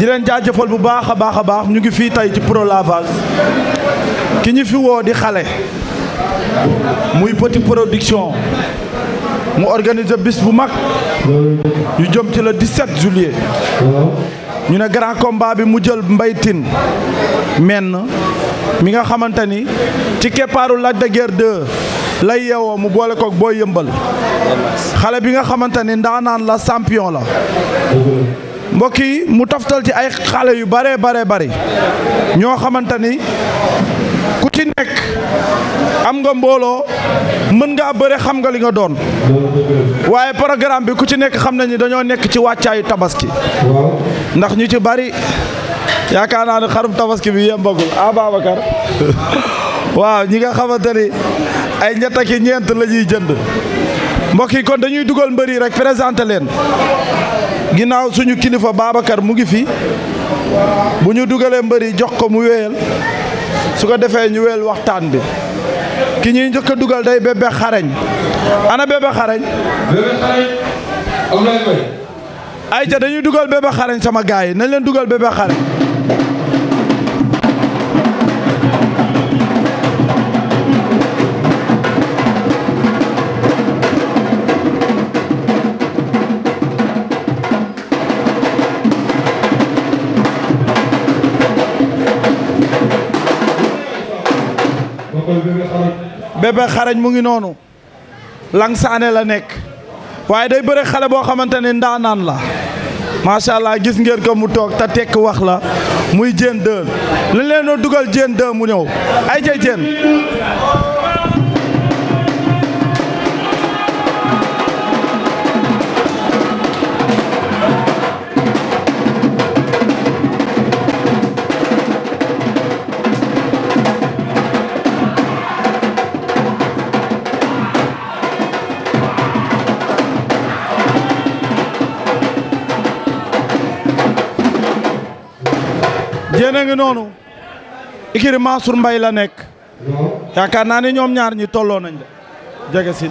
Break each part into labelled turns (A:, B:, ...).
A: di leen jaajëfal bu baax a baax a baax ñu ngi fii tey ci pro lavage ki ñu fi woo di xale muy petit production mu organiser bis bu mag ñu jëm ci le 17 juillet ñu ne grand combat bi mu jël Mbaye Tine menn mi nga xamante ni ci keppaaru Lac de Guiers lay yeewoo mu boole koog booy yëmbal xale bi nga xamante ni ndaanaan la champion la mbokk yi mu taftal ci ay xale yu bare bare bari ñoo xamante ni ku ci nekk am nga mbooloo mën ngaa bëre xam nga li nga doon waaye programme bi ku ci nekk xam nañu dañoo nekk ci wàccaayu tabaski ndax ñu ci bari yaakaar naa ni xarum tabaski bi yembagul ah Babacar waaw ñi nga xamante ni ay ñett ak ñeent la ñuy jënd mbokk yi kon dañuy dugal mbër rek présenté leen ginnaaw suñu kilifa Babacar mu ngi fi bu ñu dugalee mbëri jox ko mu wéyal su ko defee ñu wéyal waxtaan bi ki ñuy njëkk a dugal day bébé xarañ ana bébé xarañ. bébé xarañ am na ay ca dañuy dugal bébé xarañ sama gaay yi nañ leen dugal bébé xarañ. bébé xarañ mu ngi noonu lang saane la nekk waaye day bëre xale boo xamante ne ndaanaan la macha allah gis ngeen ko mu toog te tekk wax la muy Diène 2 li leen dugal Diène 2 mu ñëw ay ca Diène a ngi noonu ikiri Mansour mbay la nekk yaakaar naa ne ñoom ñaar ñi tolloo nañ de jege si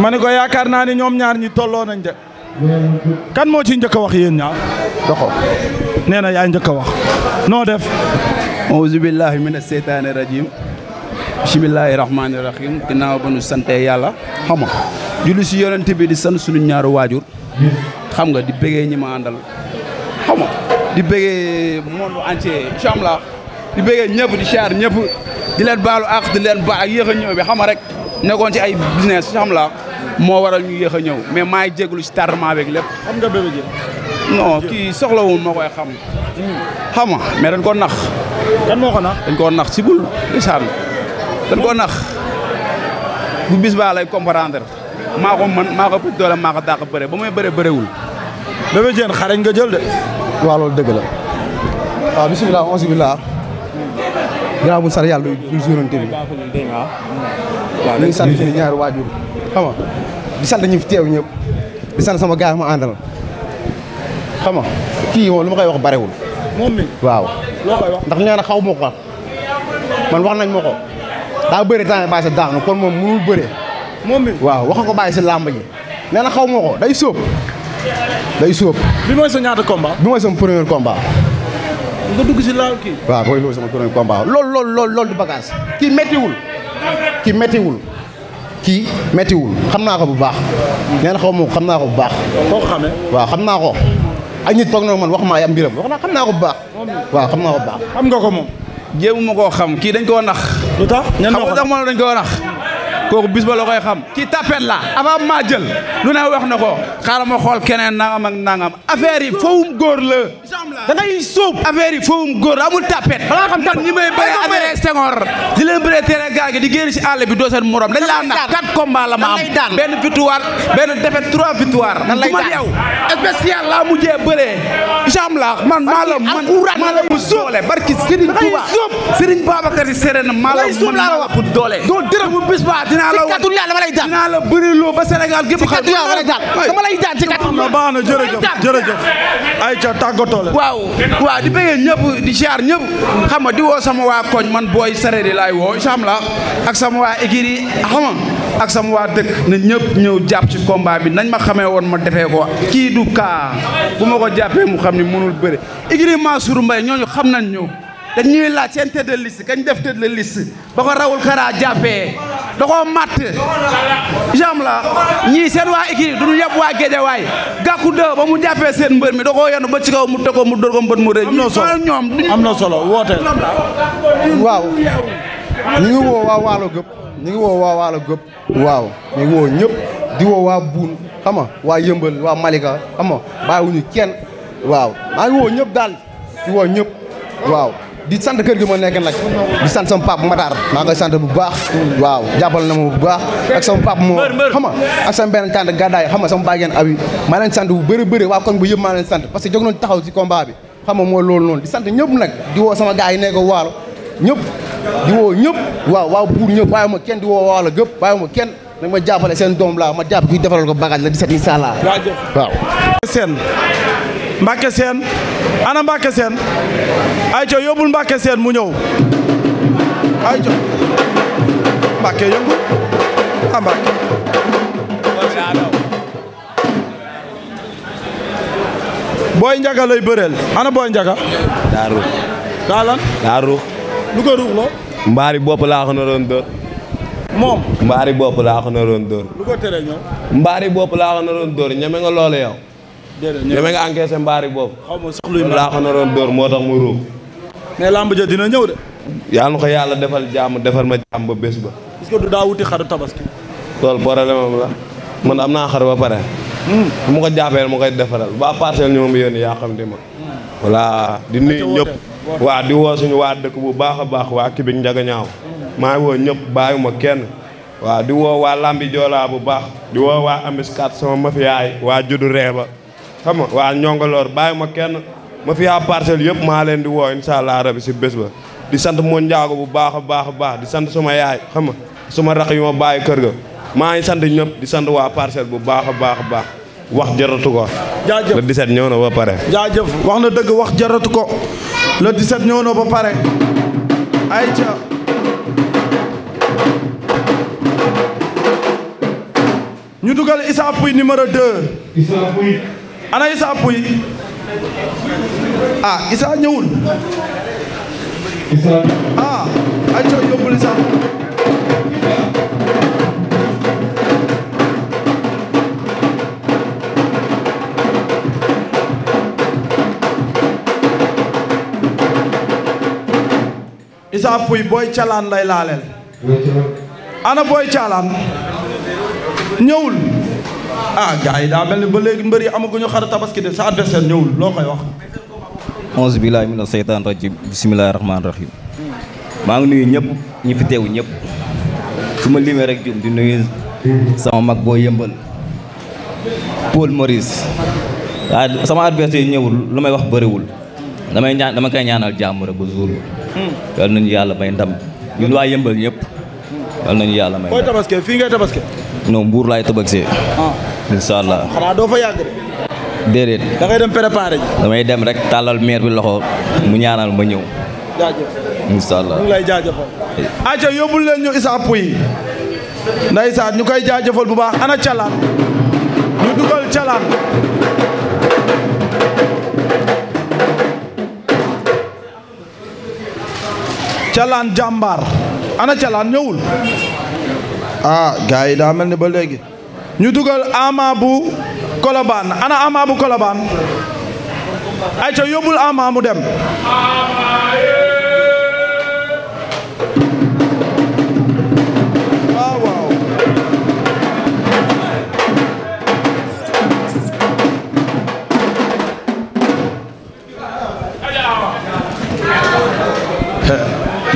A: ma ne ko yaakaar naa ne ñoom ñaar ñi tolloo nañ de kan moo ci njëkk a wax yéen ñaar doxo nee na yaa njëkk a wax noo def aousubillahi
B: mina seytaani rajim bisimilahi rahmaani rahim ginnaaw ba nu sante yàlla xam nga julli si yonent bi di sant suñu ñaaru waajur xam nga di bëggee ñi ma àndal di bëggee monde entier incha allah di bëggee
A: ñëpp di siyaar ñëpp di leen baalu àq di len ba ak yéex a ñëw bi xam rek nekkoon ci ay business incha allah moo waral ñu yéex a ñëw mais maa ngi jégalu si tardement beeg lépp. xam nga Bébé Diène. non kii soxlawul ma koy xam. Hmm. xam ko nax. kan moo ko nax dañ koo nax si bul isaan koo nax bu bis baa lay comprendre maa ko mën maa ko doole maa ko bëre ba muy bëre bërewul. Bébé nga jël de. waaw loolu dëgg la waaw bisimilah onze billah ginnaaw bu ñu sant yàlla du journante bi ñu ngi sant suñu ñaari waajur xam di sant ñu teew ñëpp di sant sama gaay ma àndal xam kii moom lu ma koy wax barewul moom mi waaw ndax nee xaw ma ko man wax nañ ma ko daa bëri temps yi bàyyi sa daanu kon moom mënul bëre waaw wax ko bàyyi si làmb ji nee xaw ma ko day sóob day sóob. bi mooy sa ñaata combat. bi mooy sama premier combat. nga dugg si laal
B: kii. lool
A: lool lool lool du bagage kii méttiwul kii méttiwul kii méttiwul xam naa ko bu baax. nee na xaw xam naa ko bu baax. koo xamee. waaw xam naa ko. ay nit toog na man wax maa yam mbiram wax naa xam naa ko bu baax. waaw xam naa ko bu baax. xam nga ko moom. jéemu ma koo xam kii dañ koo nax. lu tax xam nga tax dañ koo nax. kooku bis ba la koy xam ci la avant maa jël lu ne wax na ko xaaral ma xool keneen nangam nangam affaire yi fawum góor la da ngay sóob affaire yi fawum góor la amul tapet balaa xam man ñi may bëri affaire Senghor di leen bëree terrain gaal gi di génn si àll bi doo seen morom dañ laa nax quatre la ma am benn victoire benn défaite trois victoire du man yow spécial laa mujjee bëree jam la man maa man maa la bu doole barki Serigne Touba Serigne Babacar Si dinaa la woon dama lay daan bëri loo ba Sénégal gépp xam dama lay daan dama lay daan ci kàddu na baax na jërëjëf jërëjëf ay ca tàggatoo la waaw waaw di bëggee ñëpp di siyaar ñëpp xam nga di woo sama waa koñ man booy sareer laay woo incha allah ak sama waa écurie xam ak sama waa dëkk na ñëpp ñëw jàpp ci combat bi nañ ma xamee woon ma defee ko kii du kaa bu ma ko jàppee mu xam ni mënul bëre igri Mansour Mbaye ñooñu xam nañ ñëw dañ ñuy laaj seen tëdd liste kañ def tëdd liste ba ko rawul kara jàppee da koo matt jam la ñii seen waa équipe du ñu yëpp waa Géejawaay gàkku dë ba mu jàppee seen mbër mi da koo ba ci kaw mu teg ko mu dóor ko mbët mu rëy ñoom am na solo woote
C: waaw ñu woo waa waalo gëpp ñu ngi woo waa waaw ñu ngi woo ñëpp di woo waa buun xam waa yëmbal waa malika xam nga bàyyiwuñu kenn
A: waaw maa ngi woo ñëpp daal di woo ñëpp waaw di sant kër gi moo nekk nag di sant sama pap Matar maa ngi koy sant bu baax waaw jàppal na ma bu baax ak sama pap moo xam nga ak sama benn tànt gàddaay xam nga sama bàggeen abi maa leen sant bu bëri bëri waa kon bu yëpp maa leen sant parce que jóg taxaw ci combat bi xam nga loolu noonu di sant ñëpp nag di woo sama gars yi nekk waalo ñëpp di woo ñëpp waaw waaw buur ñëpp bàyyi ma kenn di woo waalo gëpp waaye ma kenn nag ma
D: jàppale seen doom laa ma jàpp kuy defaral ko bagage la di set incha allah
A: waaw seen Mbacke Sène ana Mbacke Sène ayca yóbbul Mbacke Sène mu ñëw ayca Mbacke yóbbu a ah, Mbacke booy njaga lay bëreel ana booy njaga daa ruux daa lan daa ruux lu ko ruux loo
E: mbaari bopp laa ko naroon dóor moom mbaari bopp laa ko naroon dóor lu ko tere ñëw mbaari bopp laa ko naroon dóor ñeme nga loolu yow demee nga encaissé mbaari boobu. xaw ma sax luy laa ko naroon dóor moo tax mu dina ñëw de. yàlla ko yàlla defal jàmm defal ma jàmm ba bés ba. est daa wuti xaru tabaski. loolu problème am la naa xar ba pare. bu hmm. ma ko jàppee ma koy defaral ba parcelle ñu ma yónni yaa xam ne ma. voilà di nuyu ñëpp. waa di woo suñu waa dëkk bu baax a baax waa Kibik Njaga ñaaw maa ngi woo ñëpp bàyyiwuma kenn waaw di woo waa Lambi Joolaa bu baax di woo waa Amiskat sama mafiyaay waa juddu reeba xam nga waa ñongoloor bàyyi ma kenn ma fi yaa parcelle yëpp maa leen di woo incha allah si bés ba di sant moo njaago bu baax a baax a baax di sant suma yaay xam suma rax yu ma bàyyi kër ga maa ngi sant
A: ñëpp di sant waa parcelle bu baax a baax a baax wax jaratu ko
E: jaajëf le 17 ñëw na ba pare
A: jaajëf wax na dëgg wax jaratu ko le 17 ñëw na ba pare ay ca ñu dugal Issa Pouye numéro 2 Issa ana Issa Pouye ah Issa ñëwul Issa ah ay ca yóbbul Issa Issa booy calaan lay laaleel ana booy calaan ñëwul ah gars yi daa mel ni ba léegi mbër yi amaguñu xar tabaski de sa adversaire ñëwul loo koy wax.
D: onze billahi mina seytaan rajim bismillahi rahmaani rahim maa ngi nuyu ñëpp ñi fi teew ñëpp su ma limee rek jum di nuyu sama mag boo yëmbal Paul Maurice waaw sama adversaire ñëwul lu may wax bëriwul damay ñaan dama koy ñaanal jàmm rek ba jour yal nañu yàlla may ndam ñun waa yëmbal ñëpp yal nañu yàlla may ndam fooy
A: tabaske fii ngay tabaske
D: non mbuur laay tabaskee ah. incha allah xanaa doo fa yàgg déedéet. da dem préparer damay dem rek tàllal meer bi loxo mu ñaanal ma ñëw. jaajëf incha allah
A: ñu yóbbul leen ñu Issa Pouye ndeysaan ñu koy jaajëfal bu baax ana calaan ñu dugal calaan calaan jàmbaar ana calaan ñëwul ah gars yi daa mel ni ba léegi ñu dugal ama bu kolobaan ana ama bu kolobaan ay ca yóbbul ama mu dem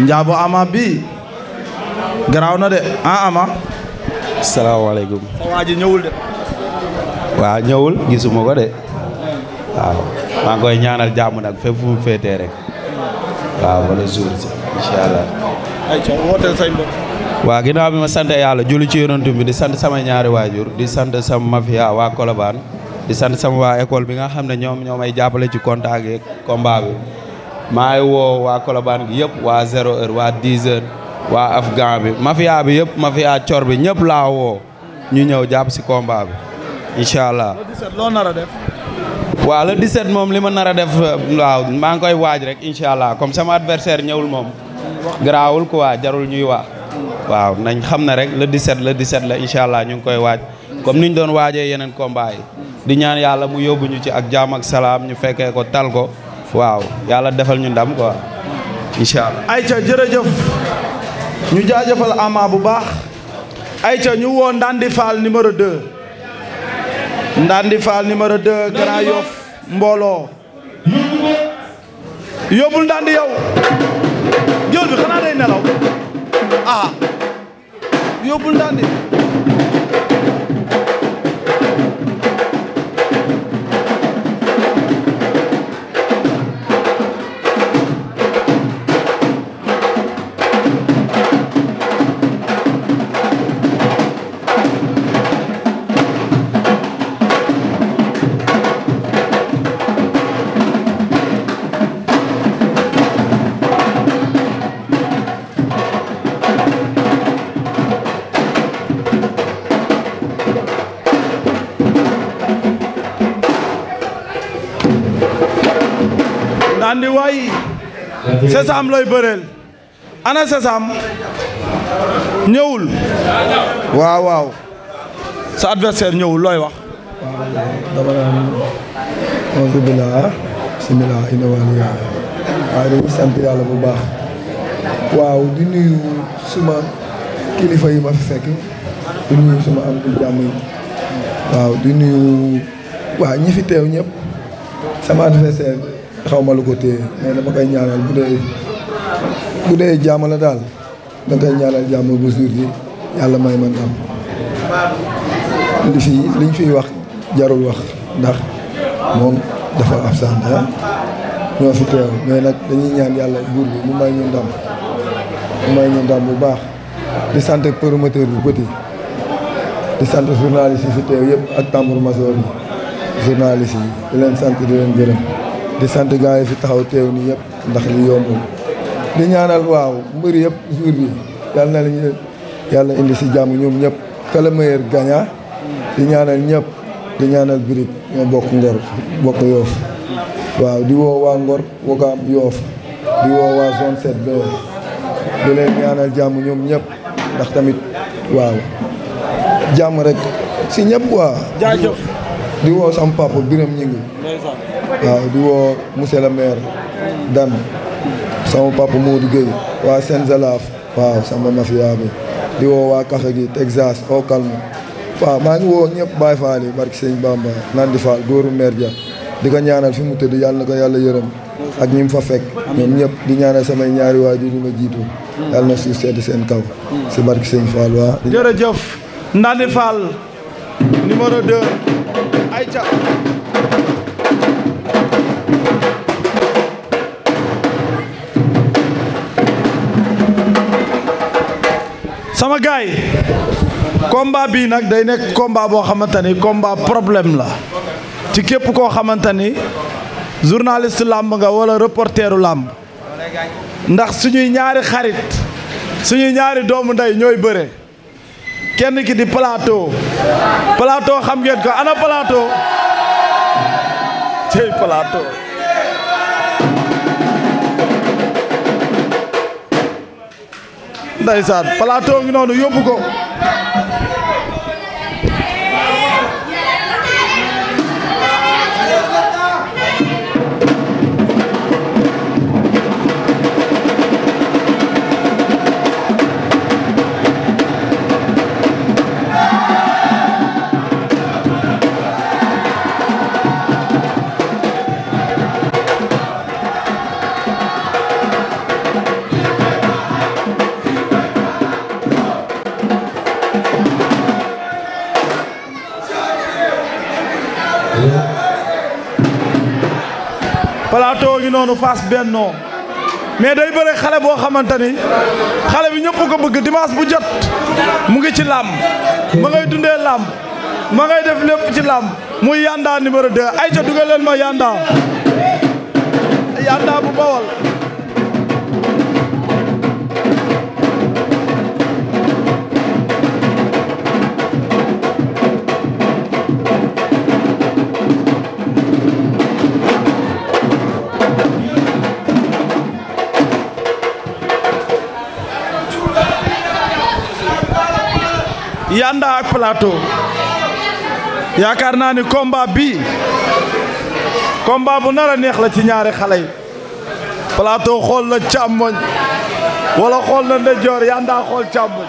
B: njaabu ama bi garaaw na de ah salaamaaleykum. sa
F: waa ñëwul de.
B: waaw gisuma ko de waaw maa ngi koy ñaanal jàmm nag fépp fu mu rek waaw wala jour si incha allah.
A: ayca wooteel say
B: bi ma sant yàlla juli ci bi di sant sama ñaari waajur di sant sama mafia waa Colobane di sant sama waa école bi nga xam ne ñoom ñoo may jàppale ci contact yeeg combat maa ngi woo waa Colobane gi yëpp waa zéro heure waa dix heures. waa afghan bi mafia bi yëpp mafia cor bi ñëpp laa woo ñu ñëw jàpp si combat bi incha allah. le 17 loo nar a def. waaw le 17 moom li ma nar a def waaw maa ngi koy waaj rek incha allah comme sama adversaire ñëwul moom. garaawul waa jarul ñuy wax. waaw nañ xam ne rek le 17 le 17 la incha allah ñu ngi koy waaj. comme ni ñu doon waajee yeneen kombaay di ñaan yàlla mu yóbbu ñu ci ak jaam ak salaam ñu fekkee ko tal ko. waaw yàlla defal ñu ndam quoi. incha allah. ayca
A: jërëjëf. ñu jaajëfal ama bu baax ayca ñu woo Ndandi Fall numéro 2 Ndandi Fall numéro 2 Grand mbooloo yóbbul Ndandi yow jël xanaa day nelaw ah yóbbul Ndandi waay Sésam lay bëreel ana Sésam ñëwul waaw waaw sa adversaire ñëwul looy wax
C: dama naan onze bila simila yàlla waaye dañuy sant yàlla bu baax waaw di nuyu suma kilifa yi ma fi fekk di nuyu suma am di jàmm yi waaw di nuyu waaw ñi fi teew ñëpp sama adversaire xaw ma lu ko téye mais dama koy ñaanal bu dee bu dee jàmm la daal da koy ñaanal jàmm ba jour bi yàlla may man am li fi liñ fiy wax jarul wax ndax moom dafa absent ah, ñoo fi teew mais nag dañuy ñaan yàlla buur bi mu may ñu ndam mu may ñu ndam bu baax di sant promoteur bu petit di sant journaliste yi fi teew yëpp ak tambour major yi journaliste yi di leen sant di leen gërëm di sant gars yi fi taxaw teew nii yëpp ndax li yombul di ñaanal waaw mbër yëpp jour bi yàlla na lañu indi si jàmm ñoom ñëpp que le meilleur gagne di ñaanal ñëpp di ñaanal Brip ñoo bokk Ngor bokk Yoof waaw di woo waa Ngor Wakaam Yoof di woo waa zone 7B di leen ñaanal jàmm ñoom ñëpp ndax tamit waaw jàmm rek si ñëpp waa di woo sama papa Biram Ñingi waaw di woo monsieur le maire Dan sama papa Modou Gueye waa seen Senzalaaf waaw sama mafia bi di woo waa Café gi Texas au calme waaw maa ngi woo ñëpp Baye Fall yi barki Sëñ Bamba Nandi Fall góoru maire Dia di ko ñaanal fi mu tëdd yàlla na ko yàlla yërëm ak ñi mu fa fekk ñoom ñëpp di ñaanal samay ñaari waajur ñu ma jiitu mm. yàlla na suuf sedd seen kaw si barki Sëñ Fall waa jërëjëf Nandi Fall numéro 2
A: ayca sama gaay komba bii nag day nekk combat boo xamante ni combat problème la ci képp koo xamante ni journaliste làmb nga wala reporteru làmb ndax suñuy ñaari xarit suñuy ñaari doomu ndey ñooy bëre kenn ki di plateau plateau xam ngeen ko ana plateau cey plateau ndeysaan plateau ngi noonu yóbbu ko noonu Fass bennoo mais day bëre xale boo xamante ni xale bi ñëpp ko bëgg dimanche bu jot mu ngi ci làmb ma ngay dundee làmb ma ngay def lépp ci làmb muy yàndaa numéro 2 ay ca dugal leen ma Yanda Yanda bu Bawol Yanda ak yaakaar naa ni combat bii combat bu nar a neex la ci ñaari xale yi Plateau xool na càmmoñ wala xool na ndeyjoor Yanda xool càmmoñ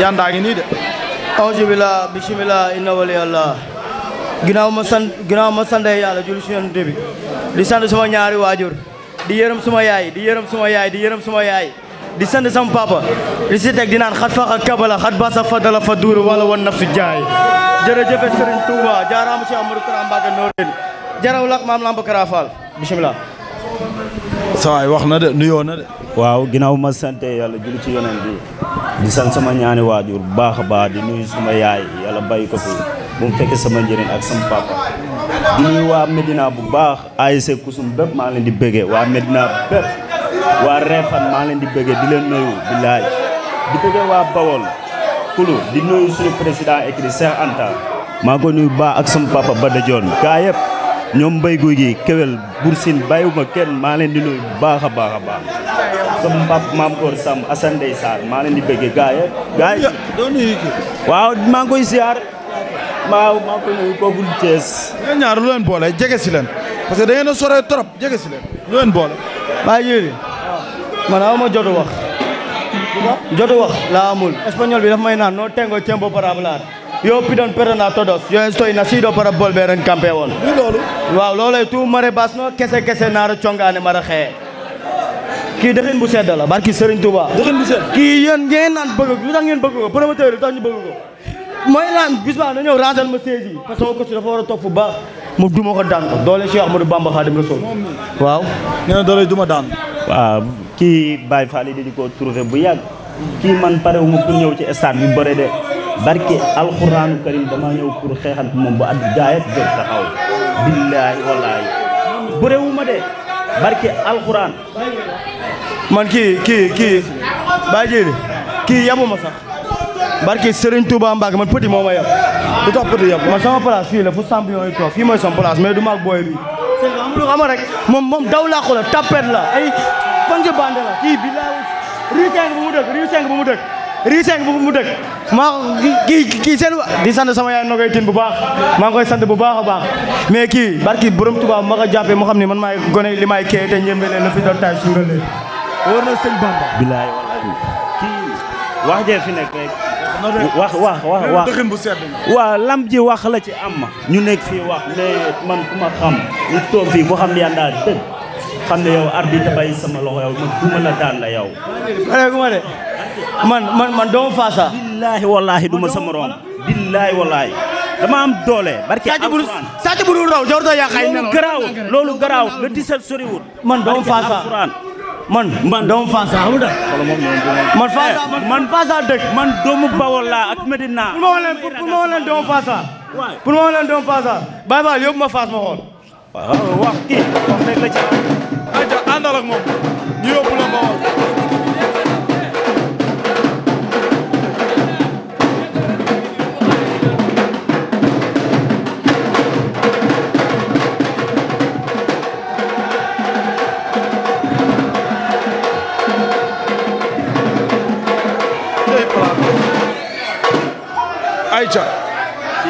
A: Yanda ngi nii de auzu billah bismillah inna wali yàlla ginnaaw ma sant ginnaaw ma yàlla
D: julli si di sant suma ñaari waajur di yërëm suma yaay di yërëm suma yaay di yërëm suma yaay di sant sama papa di si teg di naan xat fax ak kabala xat basa fadala fa
A: duuru wala wan naf jaay jërëjëfe sëriñ Touba jaaraama si Amadou Kara Mbacké Noreyni jaraw lak maam lamb Kara Fall bismillah sawaay wax na de nuyoo na de
D: waaw ginnaaw ma sante yàlla julli ci yonent bi di sant sama ñaani waajur bu baax a baax di nuyu sama yaay yàlla bàyyi ko fi bu mu fekkee sama njëriñ ak sama papa di nuyu waa Medina bu baax ASC Kusum bépp maa di bëggee waa Medina bépp waa Refane maa leen di bëggee di leen nuyu billaay di bëggee waa Bawol kulu di nuyu suñu président écrit Cheikh Anta maa ko nuyu baa ak sama papa Bada Dione gaa yëpp ñoom mbéy guy gi kéwél bursin bàyyiwuma kenn maa leen di nuyu bu baax a baax a baax sama papa maam Góor Sam Assane maa leen di bëggee gaa yëpp gaa yi doo nuyu
A: waaw maa ngi koy siyaar maa maa ngi nuyu kooku Thiès ñaar lu leen boole jege si leen parce que da ngeen a jege si leen lu leen boole baa yéene man aw ma jotu wax. jotu wax la amul espagnol bi daf may naan noo tengo
D: tiempo para hablar. yo pidon perona todos yo estoy nacido para volver en campeón. muy loolu.
A: waaw loolay tu mare bas no kese kese naara congaane mara xee. kii dëxin bu sedd la barki Serigne Touba. kii yéen ngeen naan bëgg lu tax ngeen bëgg ko promoteur lu tax ko. mooy lan bis na ñëw ranger ma siège yi parce que sama coach dafa war a topp baax mu duma ko daan ko doole Cheikh Ahmadou Bamba Khadim Rasoul waaw nee na doole duma daan waaw
D: kii Baye Fall yi di ko trouvé bu yàgg kii man parewuma wu ma ñëw ci stade bi bëre de barke alxuraanu karim damaa ñëw pour xeexal moom bu at gaayat jot taxaw billaahi wallaahi bëre wu ma de alxuraan
A: man kii kii kii kii yamuma sax barke Serigne Touba Mbacke man petit moo ma yab du tax petit yab man sama place fii la fu champion yi toog fii mooy sama place mais du maag
D: booy bi c'est am lu xam rek moom moom daw laa xoolal tapet la ay pange bande
A: bu mu dëkk rue cinq bu mu dëkk rue cinq bu mu dëkk maa kii kii seen di sant sama yaay nogay bu baax maa ngi koy sant bu baax a baax mais kii barki borom Touba ma ko jàppee moo xam ne man maay gone li maa kee te ñembe leen na fi doon taay suuralee war
D: na sëñ Bamba bilaay wallaay wax wax wax wax waaw lamb ji wax la ci am ñu nekk fii wax mais man ku ma xam ñu toog fii boo xam ne yàlla dëgg xam ne yow arbitre bàyyi sama loxo yow man duma la daan la yow man man man doomu faasa ah. billaahi wallaahi du ma morom billaahi wallaahi dama am doole barke alxuraan sàcc bu dul raw jarutoo yaa xay loolu garaaw loolu garaaw le 17 soriwul man doomu faasa ah. man man doomu Faasa xam nga man Faasa eh, man Faasa dëkk. man doomu Bawol laa ak Medina.
A: pour ma ma woon doomu Faasa. waay pour yóbbu ma Faas ma xool. wax kii wax dëgg la ca. ayca àndal ak moom ñu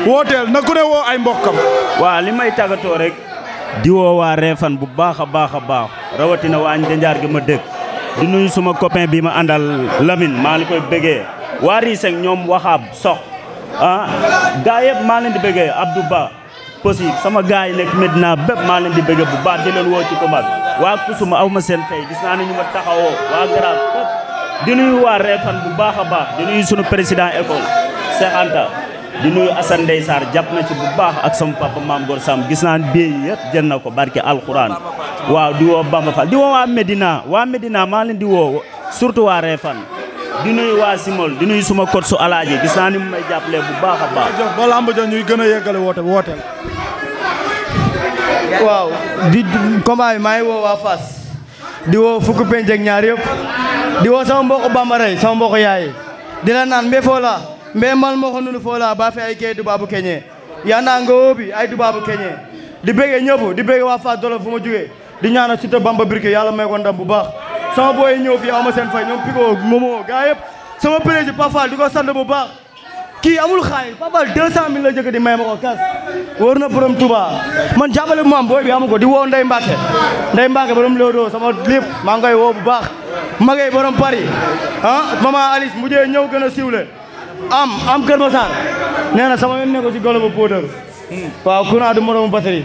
A: wooteel na ku ne woo ay mbokkam waaw li may tàggatoo rek
D: di woo waa Réfane bu baax a baax a baax rawatina waa añ njaar gi ma dëkk di nuyu suma copain bi ma àndal Lamine maa li koy bëggee waa Riseng ñoom waxaab sox ah gaa yëpp maa leen di bëggee Abdou Ba posi sama gaa yi nekk Medina bépp maa leen di bëggee bu baax di woo ci combat waa kusuma aw ma seen tey gis naa ne ñu ma taxawoo waa Garaaf di nuyu waa Réfane bu baax a baax di président école di nuyu Assane Ndeye Sarr jàpp na ci bu baax ak sama papa maam Gor Sam gis naa bee yëpp na ko barke alxuraan waaw di woo Bamba di woo waa Medina waa Medina maa leen di woo surtout waa Réfane di nuyu waa Simol di nuyu suma kot su alaaji gis naa ni mu may
A: jàppale bu baax a baax. ba gën a yeggale woote wooteel. waaw di combat bi maa woo waa Fass di woo fukk penc ñaar yëpp di woo sama mbokk bambara sama mbokk yaay di naan mbéfoo mbeemal mo honnude foola baafe ay gey dubaabu keñe yana ngawoobi ay dubaabu keñe di bége ñëpp di bége waa Fass Djolof fu ma jógee di ñaana Siteu Bamba Birke yàlla may ko ndam bu baax sama booy ñëw fii awma seen fay ñoom Pico Momo gaa yëpp sama président Pape di ko sant bu baax kii amul xaalis Pape Fall 200000 la jëkk di may ma ko kas wóor na borom Touba man jàppale bu
D: ma am booy bi ko di woo Ndeye Mbacke Ndeye Mbacke borom Lodo sama lépp maa ngi koy woo bu baax
A: magay borom Paris ah maman Alice mujjee ñëw gën a siwle am am Kër Masar nee na sama yoon nekko ci golo ba póotal hmm. waaw courant du moromu batterie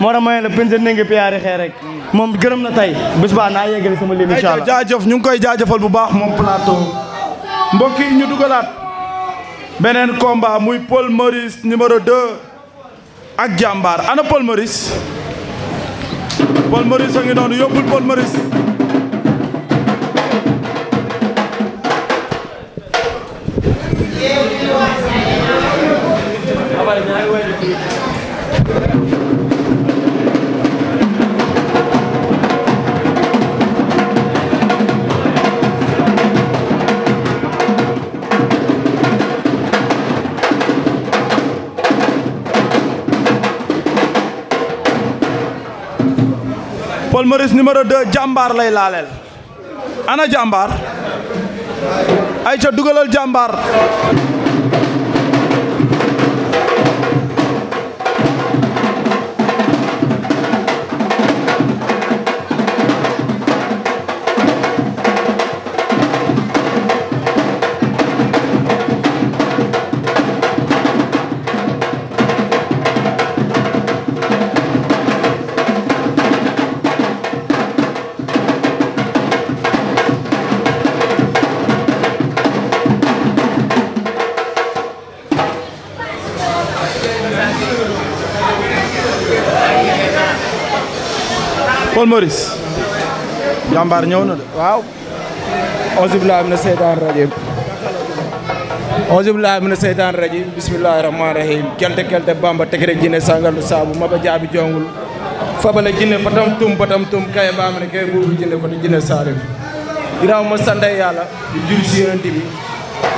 A: moo tax ma ne la piyaari xee rek hmm. moom gërëm na tey bés baa naa yeggale sama lim incha allah jaajëf ñu ngi koy jaajëfal bu baax moom plateau mbokk yi ñu dugalaat beneen combat muy Paul Maurice numéro 2 ak jàmbaar ana Paul Maurice Paul Maurice a noonu yóbbul Paul Maurice palmarès numéro 2 jàmbaar lay laaleel ana jàmbaar ayca dugalal jàmbaar Paul Maurice. jàmbaar ñëw na de waaw. auzu billaahi mina seytaani rajiim. auzu billaahi mina seytaani rajiim bismillaahi rahmaani rahiim kelte kelte bamba teg rek jinne sangalu saabu maba jaabi jongul. fabale jinne patam tum tum kaye baa ma kaye boobu jinne ko jinne saalim. ginnaaw ma sant yàlla di jur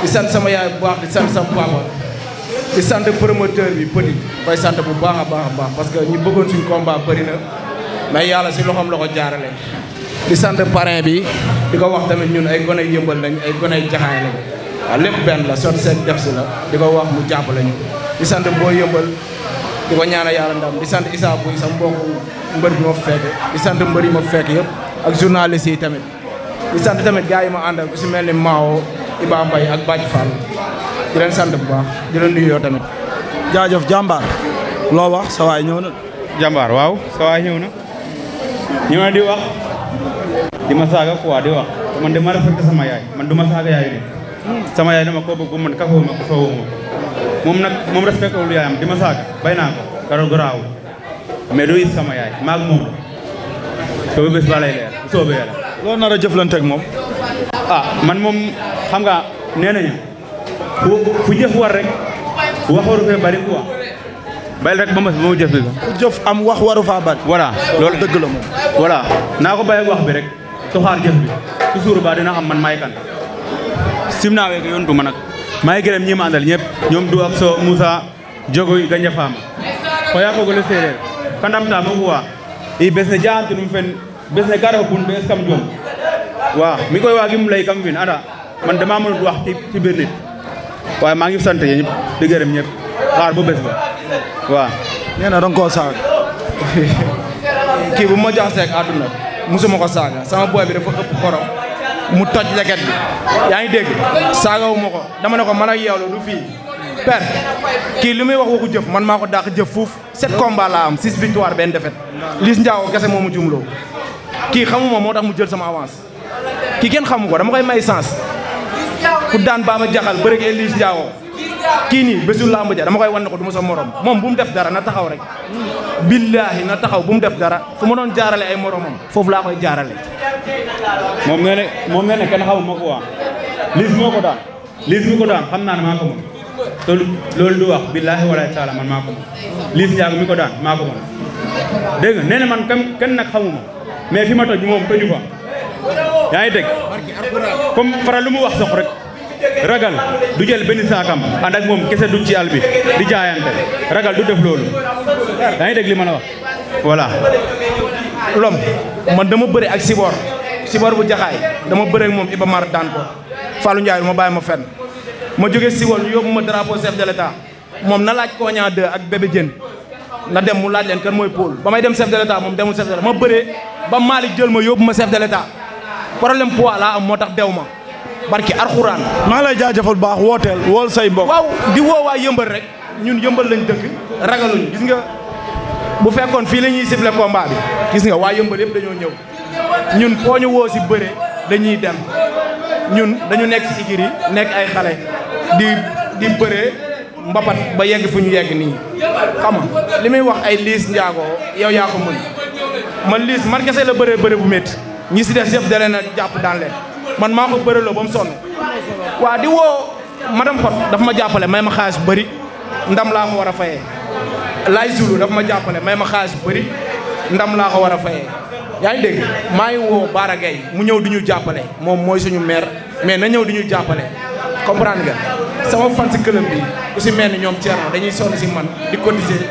A: si sama yaay bu baax di bi petit bay sant bu baax a baax a baax parce que ñu bëggoon suñu combat mais yàlla si loxoom la ko jaarale di sant parrain bi di ko wax tamit ñun ay gone yëmbal lañ ay gone jaxaay lañ waaw lépp benn la sot seet def si la di ko wax mu jàpp lañu di sant boo yëmbal di ko ñaanal yàlla ndam di sant Issa Pouye sa mbokk mbër bi moo fekk di sant mbër yi ma fekk yëpp ak journaliste yi tamit di sant tamit gaa yi ma àndal ku si mel ni Mao Iba Mbaye ak Baaj Fall di leen sant bu baax di leen nuyoo tamit jaajëf jàmbaar loo wax ñëw na jàmbaar
B: ñu ne di wax di ma saaga quoi di wax man de ma respecté sama yaay man du ma saaga yaayu nit sama yaay dama koo bëgg man kafoo ma ko moom nag moom respecté wul yaayam di ma saaga bay naa ko dara garaaw mais du it sama yaay maag moom te bu bés ba lay leer bu soobee yàlla loolu nar a jëflante ak moom
A: ah man moom xam nga nee nañu fu jëf war rek waxooru fee bari quoi bàyyil rek ba ma ba jëf li la ku am wax waru faa bari voilà loolu dëgg la naa ko bàyyi wax bi rek soxaar jëf bi su
B: suur ba dina xam man may kan sim naa weeg yoon nag maa ngi gërëm ñi ma àndal ñëpp ñoom soo ak so ga jogoy ganja faama xoya fogole séeréer kandamta fo xuwa i bes ne jaxantinum fen bes ne ka ref bun bes kam joom waaw
A: mi koy waagim lay kam fin anda man dama mënut wax ci biir waaye maa ngi sant ñëpp di gërëm ñëpp waaw. nee na da saaga. kii bu ma jaxasee ak àdduna ko saaga sama boy bi dafa ëpp xorom mu toj leket bi yaa ngi dégg saagawu ma ko dama ne ko man a yow la du fii per kii li muy wax waxu jëf man maa ko dàq jëf fuuf sept combats laa am six victoire benn défaite Liss Ndiago moo moomu jumloo kii xamuma moo tax mu jël sama avance kii kenn xamu ko dama koy may sens
F: ku daan baama jaxal bëre ak
A: Liss Ndiago kii nii bésul làmb ja dama koy wan ne ko du ma sa moom bu mu def dara na taxaw rek billaahi na taxaw bu mu def dara fu ma doon jaarale ay moromam foofu laa koy jaarale moom nee na
B: moom nee na kenn xaw ma ko waa liis moo ko daan liis mi ko daan xam naa ne maa ko moom loolu du wax billaahi walaay taala man maa ko moom liis njaago ko daan maa ko moom
A: dégg na man kam kenn nag xamuma mais fi ma toj moom toju fa yaa ngi dégg comme faral lu mu wax sax rek ragal du jël benn saakam ànd ak moom kese dugg ci àll bi di jaayante ragal du def loolu yaa ngi dégg li ma la wax voilà. lom man dama bëri ak Sibor Sibor bu jaxaay dama bëri ak moom Iba Mar daan ko Fallou Ndiaye ma bàyyi ma fenn ma jógee Sibor ñu yóbbu ma drapeau chef moom na laaj Koña 2 ak bébé Diène na dem mu laaj leen kan mooy Paul ba may dem chef de moom demul chef de l'État ma bëree ba Malick jël ma yóbbu ma chef de l'État am moo tax dew ma. barki arxuraan. maa ngi lay jaajëfal baax wooteel wool say mbokk. waaw di waa yëmbal rek ñun yëmbal lañ dëkk ragaluñ gis nga bu fekkoon fii la ñuy siffler combat bi gis waa yëmbal yëpp dañoo ñëw ñun foo ñu woo si bëre dañuy dem ñun dañu nekk si kii yi nekk ay xale di di bëre mbapat ba yegg fu ñu yegg nii xam nga li muy wax ay liis njaago yow yaa ko mën man liis man kese la bëree bëri bu métti ñi si def yëpp da leen a jàpp daan leen man maa ko bëreloo ba mu sonn
F: waa di woo
A: madame xot daf ma jàppale may ma xaalis bëri ndam laa ko war a faye laay zulu dafa ma jàppale may ma xaalis bëri ndam laa ko war a faye yaa ngi dégg maa ngi woo Baara Gueye mu ñëw di ñu jàppale moom mooy suñu meer mais na ñëw di ñu jàppale comprendre nga sama fan si këlëm bi ku si mel ni ñoom Thierno dañuy sonn si man di cotiser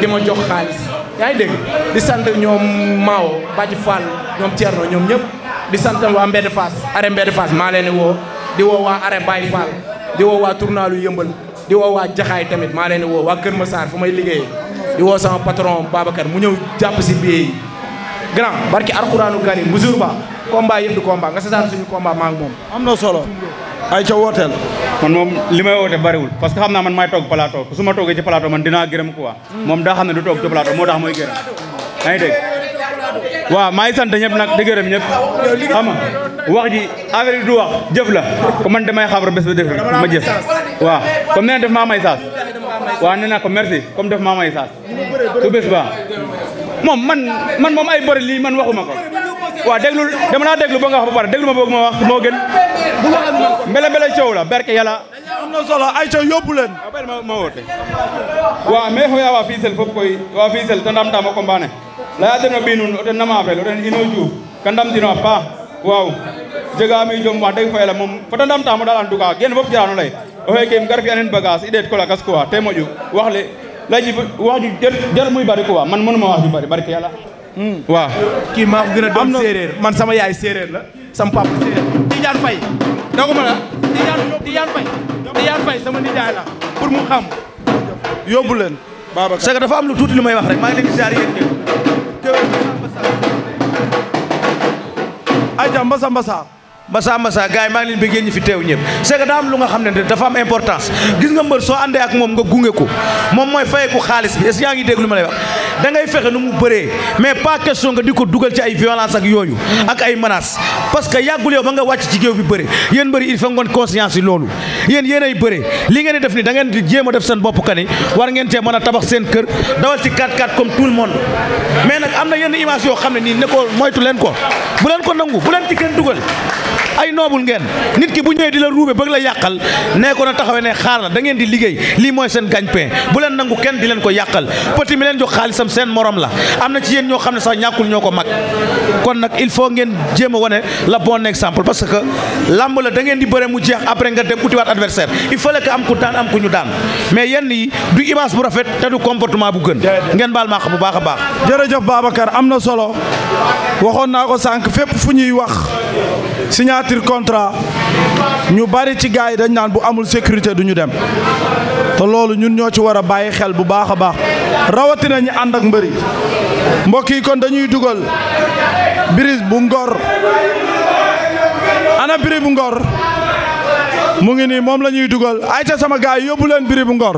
A: di ma jox xaalis yaa ngi dégg di sant ñoom Mao baj Fall ñoom Thierno ñoom ñëpp di sant waa Mbedd Fass arrêt maa leen woo di woo waa arrêt Baye Fall di woo waa tournalu yëmbal di woo waa jaxaay tamit maa leen woo waa Kër Massar fu may liggéeyee di woo sama patron Babacar mu ñëw jàpp si billet yi grand barki alxuraanu karim bu jour ba combat yëpp du combat nga sasaan suñu combat maa ngi moom am na solo ay ca wooteel man moom li may woote bariwul parce que xam naa man maay toog plateau su ma toogee ci man dinaa gërëm quoi hmm. moom moo tax mooy gërëm ngi dégg waaw maa ngi sant ñëpp nag di gërëm ñëpp wax ji affaire yi du wax jëf la ko man damay xabar bés ba def ma jëf waaw comme nee na def maa may saas waaw nee ko merci comme def maa may saas su bés ba moom man man ay bëri lii man waxuma ko
F: waaw déglu dama
A: naa déglu ba nga wax ba pare déglu ma boog ma wax moo gën mbele mbele coow la barke yàlla am na solo ay ca yóbbu leen ma woote waa fii sel koy waa fii sel to ndam layaten de ɓiy nuun o ten na maafel o ten ino juuf ka ndamtino a paax waaw jegaami jom wax deg fa yala moom fota ndamtaam o daal en tout cas gen fop jarano lay o xeeke im gar fi'a nen i ɗeet ko lakas quoi te moƴu wax le lay wax ju jar muy bari quoi man ma wax ju bari barke yàlla hmm. waaw kii maa gën a doon man sama yaay séeréer la sama papa séeréer Tidiane Faye daguma la Tidiane Tidiane Faye Tidiane sama nijaay la pour mu xam yóbbu leen c'est que dafa am lu tuuti lu may wax rek maa jëwee mbasa mbasa mbasa masa masa gars yi maa ngi leen bëggee ñi fi teew ñëpp c'est que daa am lu nga xam ne dafa am importance gis nga mbër soo àndee ak moom nga gunge ko moom mooy fayeku xaalis bi est-ce que yaa ngi dégg lu ma lay wax da ngay fexe nu mu bëree mais pas question nga di ko dugal ci ay violence ak yooyu ak ay menaces parce que yàggul yow ba nga wàcc ci géew bi bëri yéen bëri il faut ngoon loolu yéen yéen ay bëri li ngeen di def ni da ngeen di jéem a def seen bopp kani war ngeen cee mën a tabax seen kër dawal ci 4-4 comme tout le monde mais nag am na yenn image yoo xam ne nii ne ko moytu leen ko bu ko nangu bu leen ci kenn dugal ay noobul ngeen nit ki bu ñëwee di la ruube bëgg la yàqal nee ko na taxawee ne xaar na da ngeen di liggéey lii mooy seen gagne-pain bu leen nangu kenn di leen ko yàqal petit mi leen jox xaalisam seen morom la am na ci yéen ñoo xam ne sax ñàkkul ñoo ko mag kon nag il faut ngeen jéem a wane la bon exemple parce que làmb la da ngeen di bëre mu jeex après nga dem utiwaat adversaire il fallait que am ku daan am ku ñu daan mais yenn yi du image bu rafet te du comportement bu gën ngeen baal maa bu baax a baax jërëjëf Babacar na solo waxoon naa ko sànq fépp fu ñuy wax signature contrat ñu bari ci gars yi dañ naan bu amul sécurité duñu dem te loolu ñun ñoo ci war a bàyyi xel bu baax a baax rawatina ñu ànd ak mbëri mbokk yi kon dañuy dugal Brise bu Ngor ana Brise bu Ngor mu ngi nii moom la ñuy dugal ayca sama gars yóbbu leen Brise bu Ngor.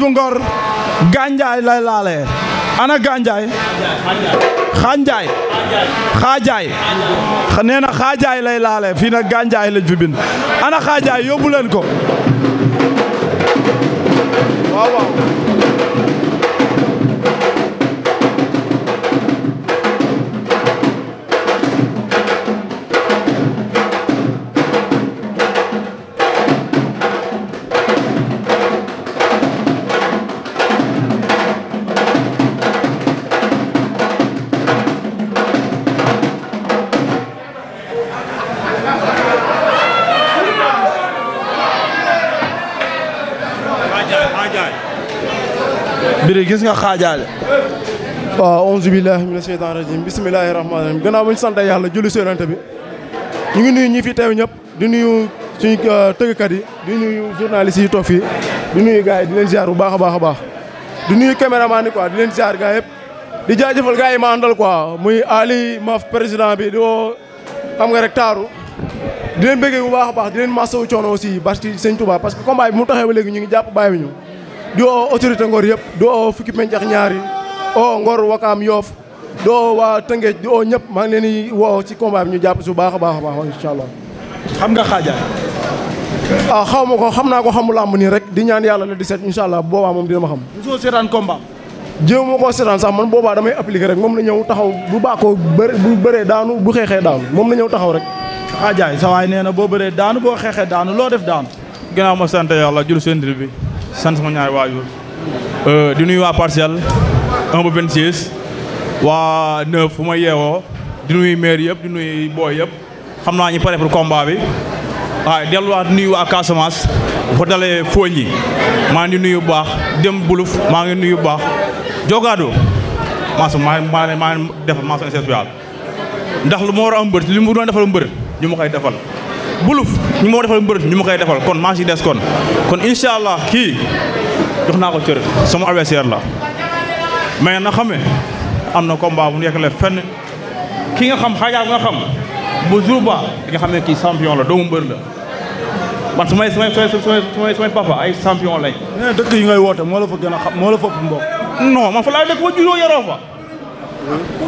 A: bu Ngor Gandiaye laale laalee ana Gandiaye Xandiaye Xaajaay nee na Xaajaay lay laale fii nag Gandiaye lañ fi bind ana Xaajaay yóbbu leen ko gis nga xaajaale waaw onze billahi mina seytaan rajim bismillahi rahmaani rahim gannaaw bu ñu sante yàlla julli seenante bi ñu ngi nuyu ñi fi teew ñëpp di nuyu suñu euh, tëggkat yi di nuyu journalistes yi toog fii di nuyu gars yi di leen ziar bu baax a baax a baax di nuyu caméraman yi quoi di leen ziar gars yëpp di jaajëfal gars yi ma àndal quoi muy Ali Maf président bi di woo xam nga rek taaru di leen bëggee bu baax a baax di leen masawu coono aussi barki Sëñ Touba parce que léegi ñu ngi jàpp bàyyiwuñu di oo autorité Ngor yëpp di oo fukki pencax ñaari yi oo Ngor Wakaam Yoof di oo waa Tëngéej di oo ñëpp maa ngi leen di ci combat bi ñu jàpp su baax a baax a baax incha allah. xam nga xaajaay. a ah, xaw ma ko xam naa ko xamu làmb nii rek di ñaan yàlla le 17 incha allah boobaa moom dina ma xam. mosoo seetaan combat. jéem ma koo seetaan sax man boobaa damay appliquer rek moom la ñëw taxaw bu baaxoo bë bu bëree daanu bu xeexee daanu moom la ñëw taxaw rek. xaajaay sa nee na boo bëree daanu boo xeexee daanu loo def daanu. ginnaaw ma sant yàlla jul seen bi sant sama ñaari waajur di nuyu waa Parcelles 1 ba 26 waa 9 fu ma yeewoo di nuyu maire yëpp di nuyu booy yëpp xam naa ñi pare pour combat bi waaye delluwaat di nuyu waa Casamance fa dalee fooñ yi maa ngi nuyu baax dem buluf maa ngi nuyu bu baax jogaado maa maa maa maa defal maa spécial ndax lu ma war a am mbër li mu doon defal mbër ñu ma koy defal buluf ñu moo ko defal mbërët ñu ma koy defal kon maa si des kon kon incha allah kii jox naa ko cër sama adversaire la mais na xame am na combat bu mu yekkale fenn ki nga xam xaajaar nga xam bu jour ba nga xam ne kii champion la doomu mbër la man su may su may su ay champion lañ. nee eh, dëkk yi ngay woote moo la fa gën a xam moo la fa ëpp mbokk. non man fa laay dëkk ba juddoo yaroo fa.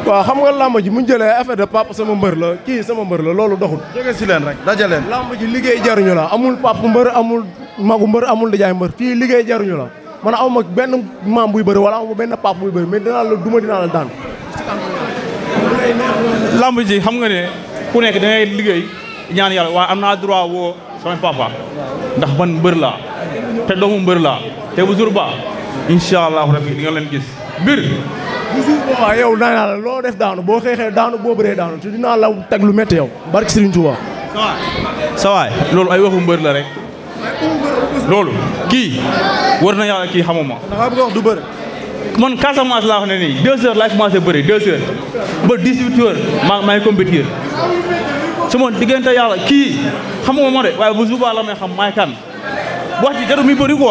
A: waaw xam nga làmb ji mu jëlee affaire de papa sama mbër la kii sama mbër la loolu doxul. jege si leen rek daje leen. làmb ji liggéey jaruñu la amul papa mbër amul magu mbër amul dajaay mbër fii liggéey jaruñu la man aw ma benn maam buy bëri wala aw benn papa buy bëri mais dinaa la duma dinaa la daan. làmb ji xam nga ne ku nekk da ngay liggéey ñaan yàlla waaye am naa droit woo sama papa ndax man mbër laa te doomu mbër laa te bu jour ba incha allah rabbi leen waa yow naa naa
G: la loo def daanu boo xeexee daanu
A: boo bëree daanu te dinaa la teg lu métti yow barke Serigne Touba. sawaay sawaay loolu ay waxu mbër la rek. loolu kii war na yàlla kii xamuma. dafa bëgg wax du bëri. man Casamance laa wax ne nii deux heures laay commencé bëri deux heures maa maay compétir sama diggante yàlla kii xamuma ma de waaye bu subaa la may xam maay kan. wax ji jarul muy bëri ko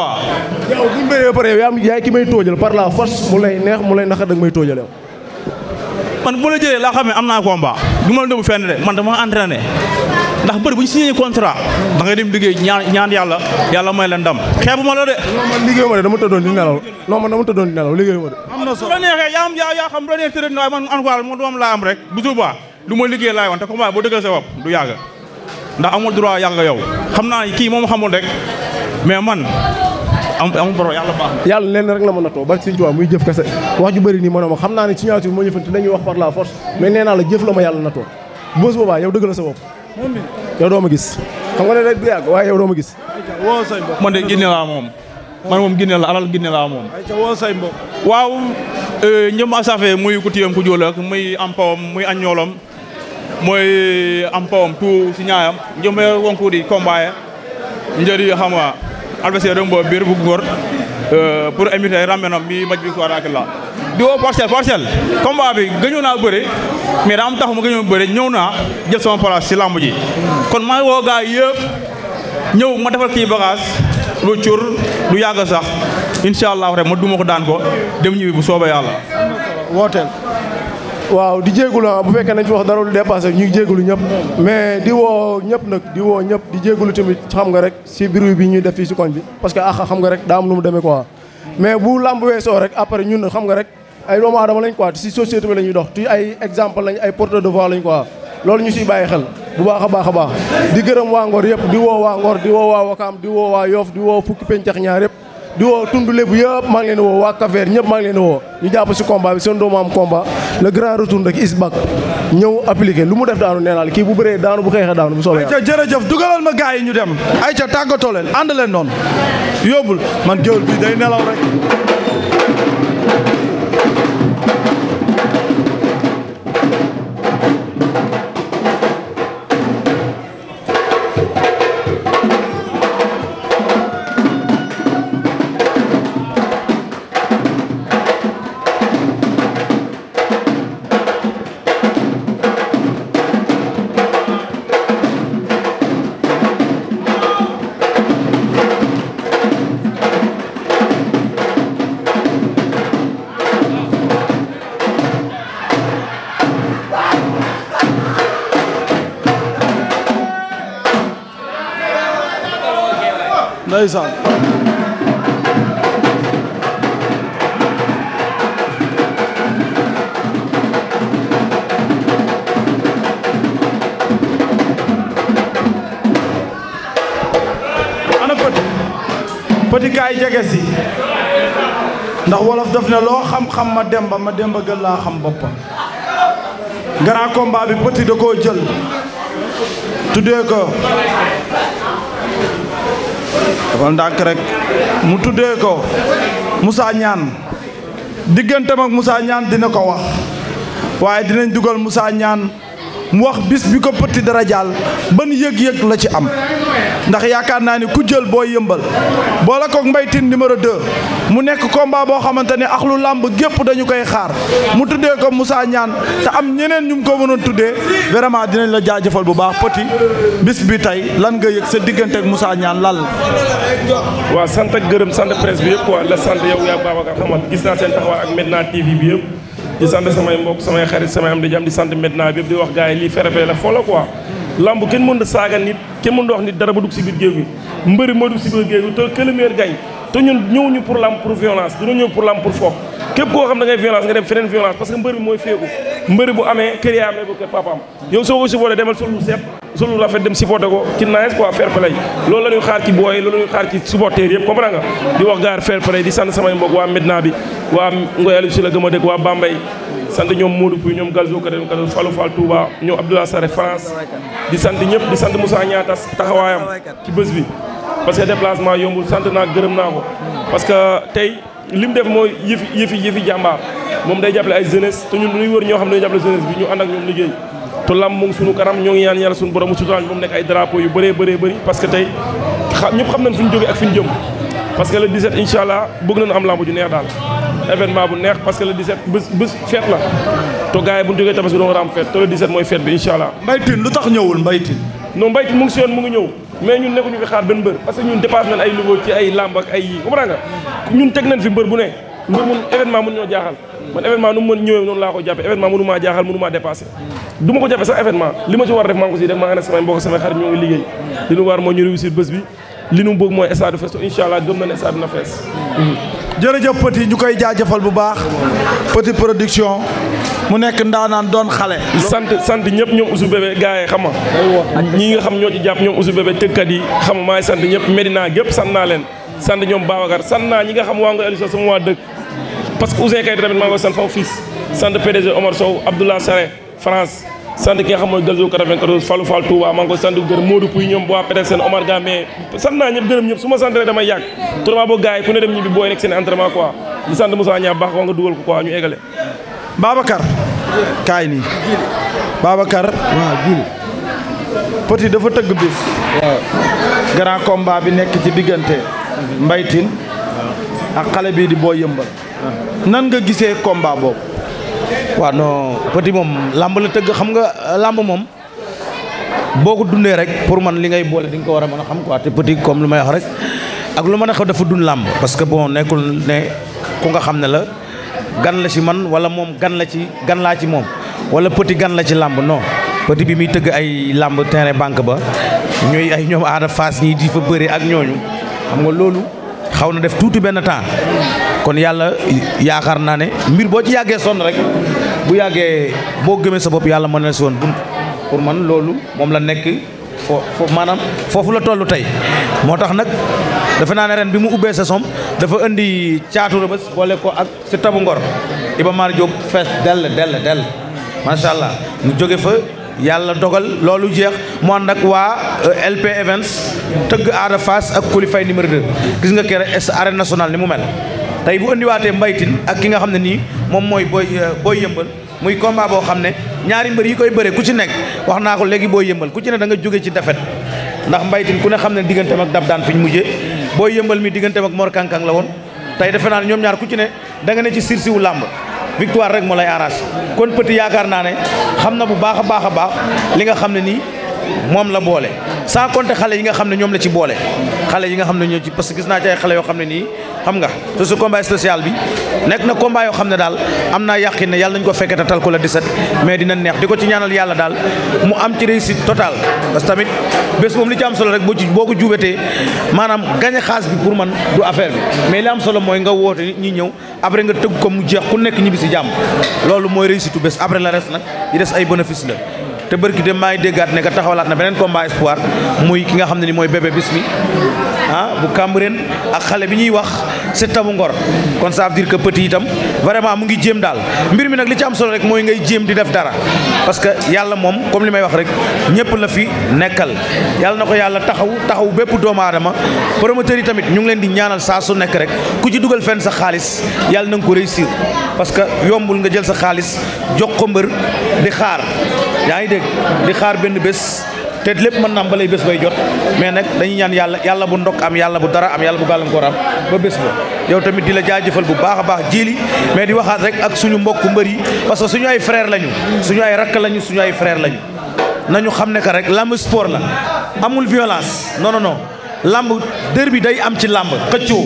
A: yow bu ñu bëree ba pare yow yaa yaay ki may tóojal par la force mu lay neex mu lay naxa dag may tóojal yow. man bu ma la jëlee laa xam ne am naa combat du ma la déglu fenn de man dama ndax bëri bu ñu signé contrat da ngay dem liggéey ñaan ñaan yàlla yàlla may la ndam xeebu ma la de. non man ma de di nelaw man dama tëddoon di nelaw liggéeyu ma de. am na solo bu la neexee yaa am yaa xam bu la neexee tëdd waaye man encore moom doom laa am rek bu subaa lu ma liggéey laay woon ma combat boo dëggal sa bopp du yàgg ndax amul droit yàgg yow xam naa kii moom xamul rek mais man am amul borom yàlla baax yàlla lenn rek la mën a too ba Sëriñ Tuubaa muy jëf kese wax ju bëri nii ma ne ma xam naa ne signature bi ma ñëfanti dañuy wax par la force mais nee naa la jëf la ma yàlla na too bés boobaa yow dëgg la doo ma gis xam nga ne rek du yàgg waaye yow doo ma gis. man de ginne laa moom man moom ginne la alal ginne laa moom. waaw euh, ñëm asafe muy ku tiyam ku jóol muy am pawam muy añ ñoolam mooy euh, am pawam tout si ñaayam njëmbe wonku di adversaire Rombo biir bu góor euh, pour inviter rammenam mi match victoire ak la di woo parcelle parcelle combat bi gëñoo naa bëre mais daa am taxu ma gëñoo bëre ñëw naa jël sama place si lamb kon maa ngi woo ñëw ma defal kii bagage lu cur lu yàgg sax incha allah rek ma duma ko daan ko dem ñibbi bu soobee yàlla wooteel waaw di jégalu ah bu fekkee nañ fi wax dara lu dépassé ñu ngi jégalu ñëpp mais di woo ñëpp nag di woo ñëpp di jégalu tamit xam nga rek si biir bi ñuy def fii si koñ bi parce que ah xam nga rek daa am nu mu demee quoi mais bu làmb weesoo rek après ñun xam nga rek ay doomu aadama lañ quoi si société bi la ñuy dox ti ay exemple lañ ay porteur de voix lañ quoi loolu ñu siy bàyyi xel bu baax a baax a baax di gërëm waa Ngor yëpp di woo waa Ngor di woo waa Wakaam di woo waa Yoff di woo fukki pencax ñaar yëpp di woo tund lépp yëpp maa ngi leen di woo waa cap ñëpp maa ngi leen woo ñu jàpp si combat bi seen doomu am combat le grand retour ak Isbak ñëw appliqué lu mu def daanu nee naa kii bu bëree daanu bu xeexee daanu bu soobee. ayca jërëjëf dugalal ma gars yi ñu dem ayca tàggatoo leen ànd leen noonu yóbbul man géwél bi day nelaw rek. ndeysaan ana petit petit kaay jege si ndax wolof daf ne loo xam-xam ma demba ma demba gën laa xam boppam grand combat bi petit da koo jël tuddee ko dafa ndànk rek mu tuddee ko Moussa Niane digganteem ak Moussa Niane dina ko wax waaye dinañ dugal Moussa ñaan mu wax bis bi ko Petit Dara jaal ban yëg-yëg la ci am ndax yaakaar naa ni ku jël boo yëmbal boole koog mbaytin numéro 2 mu nekk combat boo xamante ne axlu làmb gépp dañu koy xaar mu tuddee ko Moussa ñaan te am ñeneen ñu mu ko mënoon tuddee vraiment dinañ la jaajëfal bu baax Petit bis bi tey lan nga yëg sa diggante ak Moussa
H: Niane lal waaw sant ak gërëm sant presse bi yëpp quoi la sant yow yaa Babacar xamal gis naa seen taxawaay ak Medina TV bi yëpp di sant samay mbokk samay xarit samay am di jàmm di sant maintenant bi yëpp di wax gars yi lii ferefere la foo la quoi lamb kenn mën saaga nit kenn mën da wax nit dara ba dugg si biir géew gi mbëri moo dugg si biir géew te que le te ñun ñëwuñu pour lamb pour violence dina ñëw pour lamb pour foog képp koo xam ngay violence nga dem feneen violence parce mbëri mooy féegu mbëri bu amee kër yaa amee bu kër papaam yow soo ko si volee demal sunu rafet dem supporté ko ci nice quoi fair play loolu la ñuy xaar ci booy loolu la xaar ci supporter yëpp comprends nga di wax gaar fair di sant samay mbokk waa Medina bi waa Ngoyal si la gëm a dëkk waa Bambey sant ñoom Modou Pouy ñoom Galzo Kadel Kadel Fallou Fall Touba ñoom Abdoulaye France di sant ñëpp di sant Moussa Niatta taxawaayam ci bés bi parce que déplacement yombul sant naa gërëm naa ko parce que tey li def mooy yëfi yëfi yëfi moom day jàppale ñoo xam ne dañuy liggéey te lamb mu ngi sunu karam ñoo ngi ñaan yàlla sunu borom mu sutural moom nekk ay drapeau yu bëree bëree bëri parce tey xam ñëpp xam nañ fu ñu jógee ak fu ñu jëm parce que le 17 la te bu ñu jógee tabaski doo war a am fête te le mooy fête bi incha allah. lu tax ñëwul Mbaye Tine. non mu ngi si yoon mu ngi ñëw mais ñun nekkuñu fi xaar benn mbër parce ñun dépassé nañ ay niveau ci ay lamb ak ay yi comprends nga ñun teg nañ fi mbër bu ne mbër man événement nu mu mën ñëwee noonu laa ko jàppe événement mënu maa jaaxal mënu maa dépassé du ko jàppe sax événement li ma ci war def maa ko si def maa ngi samay mbokk samay xarit mooy stade fees incha allah na ne stade na fees jërëjëf Petit ñu koy jaajëfal bu baax Petit production mu nekk ndaanaan doon xale sant sant ñëpp ñoom usu bébé gars xam nga ñi nga xam ñoo ci jàpp ñoom usu bébé tëkkat yi xam nga maay sant ñëpp Medina gépp sant naa leen sant ñoom Babacar sant naa ñi nga xam waa nga Aliou sama waa dëkk parce que Ouzin Keita tamit maa ngi koy sant sama sant PDG Omar Sow Abdoulaye Sare France sant ki nga xam mooy Galzo 94 Fallou Fall Touba maa ngi koy sant di gërëm Modou Pouy ñoom waa PDG seen Omar Gamé sant naa ñëpp gërëm ñëpp su ma sant rek baax waa nga dugal ko quoi ñu eggale. Babacar. kaay nii.
A: Babacar. waaw Gine. Petit dafa tëgg bis. waaw. grand bi nekk ci diggante. Mbaytin ak xale bii di booy yëmbal. nan nga gisee combat boobu. waa non petit moom làmb la tëgg xam nga euh, làmb moom boo ko dundee rek pour man li ngay boole di ko war a mën a xam quoi te petit comme lu may wax rek ak lu mën a xew dafa dund làmb. parce que bon nekkul ne ku nga xam ne la gan la ci man wala moom gan la ci gan laa ci moom wala petit gan la ci làmb noo petit bi muy tëgg ay làmb terrain banque ba ñooy ay ñoom aada faas ñi di fa bëre ak ñooñu xam nga loolu xaw na def tuuti benn temps. kon yàlla yaakaar naa ne mbir boo ci yàggee sonn rek bu yàggee boo gëmee sa bopp yàlla mën na si woon bunt pour man loolu moom la nekk foo foo maanaam foofu la toll tey moo tax nag dafa naa ne ren bi mu ubbee saison dafa indi caatu Rebeuss boole ko ak si tabu ngor ba Mar Diop fees dell dell dell macha allah mu jóge fa yàlla dogal loolu jeex mu ànd waa euh, LP Events tëgg Ada fas ak Coly Faye numéro 2 gis nga kere arène nationale ni mu mel tey bu indiwaatee mbaytin ak ki nga xam ne nii moom mooy booy euh, booy yëmbal muy combat boo xam ne ñaari mbër yi koy bëre ku ci nekk wax naa ko léegi booy yëmbal ku ci ne da nga jóge ci defet ndax mbaytin ku ne xam ne digganteem ak dab daan fi ñu mujjee booy yëmbal mi digganteem ak Mor Kankang la woon tey defe naa ne ñoom ñaar ku ci ne da nga ne ci sirsiwu làmb victoire rek moo lay arrangé kon petit yaakaar naa ne xam na bu baax a baax a baax li nga xam ne nii moom la boole sans compter xale yi nga xam ne ñoom la ci boole xale yi nga xam ne ñoo ci parce que gis naa ci ay xale yoo xam ne nii xam nga te su combat spécial bi nekk na combat yoo xam ne daal am naa yàqin ne yàlla nañ ko fekkee tal ko la 17 mais dina neex di ko ci ñaanal yàlla daal mu am ci réussite totale parce que tamit bés moom li ci am solo rek boo ci boo ko jubatee maanaam gañ xaas bi pour man du affaire bi mais li am solo mooy nga woote ñi ñëw après nga tëgg ko mu jeex ku nekk ñibbi si jàmm loolu mooy réussite bés après la reste nag yi des ay bénéfice la te barki dem maa ngi déggaat ne ka na beneen combat espoir muy ki nga xam ne ni mooy bébé bis mi ah, bu Cambérène ak xale bi ñuy wax Siteu bu Ngor kon ça veut dire que petit itam vraiment mu ngi jéem daal mbir mi nag li ci am solo rek mooy ngay jéem di def dara parce que yàlla moom comme li may wax rek ñëpp la fi nekkal yàlla na ko yàlla taxaw taxaw bépp doomu aadama promoteur yi tamit ñu ngi leen di ñaanal saa su nekk rek ku ci dugal fenn sa xaalis yàlla na nga ko réussir parce que yombul nga jël sa xaalis jox ko mbër di xaar yaa ngi dégg di xaar benn bés te lépp mën na am bés bay jot mais nag dañuy ñaan yàlla yàlla bu ndokk am yàlla bu dara am yàlla bu gàllankoor am ba bés ba yow tamit di la jaajëfal bu baax a baax jiili mais di waxaat rek ak suñu mbokk mbër yi parce que suñu ay frère lañu suñu ay rakk lañu suñu ay frère lañu nañu xam ne que rek lamb sport la amul violence non non làmb dër bi day am ci làmb xëccoo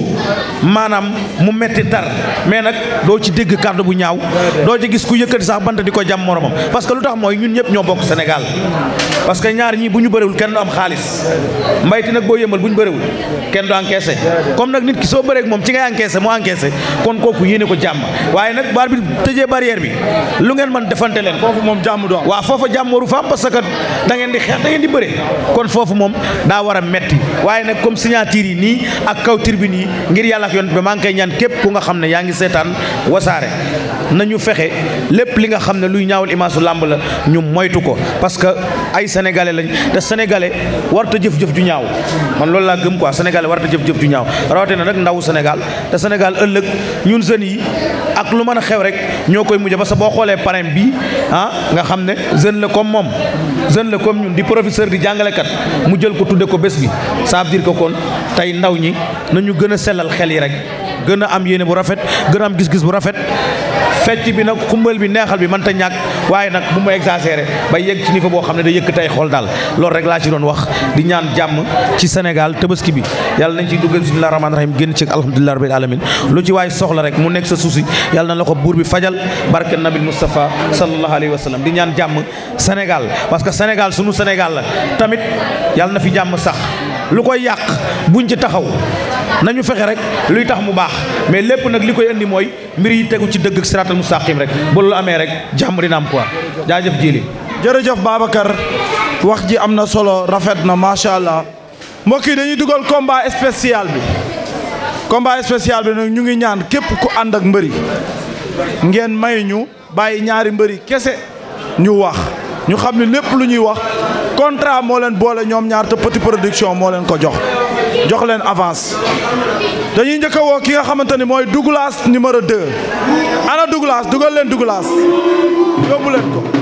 A: maanaam mu metti tar mais nag doo ci dégg kàddu bu ñaaw doo ci gis ku yëkkati sax bant di ko jam moromam parce que lu tax mooy ñun ñëpp ñoo bokk Sénégal parce que ñaar ñii bu ñu bëriwul kenn du am xaalis mbayti nag boo yëmal bu ñu bëriwul kenn du encaissé comme nag nit ki soo bëree moom ci ngay encaissé mu encaissé kon kooku yéene ko jàmm waaye nag baar bi tëjee barrière bi lu ngeen mën defante leen foofu moom jàmm do waaw foofa jàmm waru parce que da ngeen di xeex da kon foofu moom daa war a metti nag comme signature yi nii ak kaw tribune yi ngir yàlla ak yonent bi maa ngi koy ñaan képp ku nga xam ne yaa ngi seetaan wasaare nañu fexe lépp li nga xam ne luy ñaawal image làmb la ñu moytu ko parce que ay sénégalais lañ te sénégalais warta jëf-jëf ju ñaaw man loolu laa gëm quoi sénégalais warta jëf-jëf ju ñaaw rawatina nag ndawu Sénégal te Sénégal ëllëg ñun jeunes yi ak lu mën a xew rek ñoo koy mujj parce sa boo xoolee parrain bi ah nga xam ne jeune la comme moom jeune la comme ñun di professeur di jàngalekat mu jël ko tudde ko bés bi dire que kon tey ndaw ñi nañu gën a sellal xel yi rek gën am yéene bu rafet gën am gis-gis bu rafet fecc bi nag xumbal bi neexal bi mën ta ñàkk waaye nag bu ma exagéré ba yegg ci niveau boo xam ne da yëkk tey xool daal lool rek laa ci doon wax di ñaan jàmm ci Sénégal tëbaski bi yàlla nañ ci duggal bismillah rahmaan rahim génn ci alhamdulilah rabbil alamin lu ci waay soxla rek mu nekk sa souci yàlla na la ko buur bi fajal barke nabil Moustapha sallallahu alayhi wa sallam di ñaan jàmm Sénégal parce que Sénégal sunu Sénégal tamit yàlla na fi jàmm sax lu koy yàq buñ ci taxaw nañu fexe rek luy tax mu baax mais lépp nag li koy indi mooy mbir yi tegu ci dëgg ak mu mustaqim rek ba loolu amee rek jàmm dina am quoi jaajëf jili jërëjëf Babacar wax ji am na solo rafet na macha allah mbokk yi dañuy dugal combat spécial bi combat spécial bi nag ñu ngi ñaan képp ku ànd ak mbëri ngeen may ñu bàyyi ñaari mbëri kese ñu wax ñu xam ne lépp lu ñuy wax contrat moo leen boole ñoom ñaar te Petit Production moo leen ko jox jox leen avance dañuy njëkk a woo ki nga xamante ni mooy Douglas numéro 2 ana Douglas dugal leen Douglas yóbbu leen ko.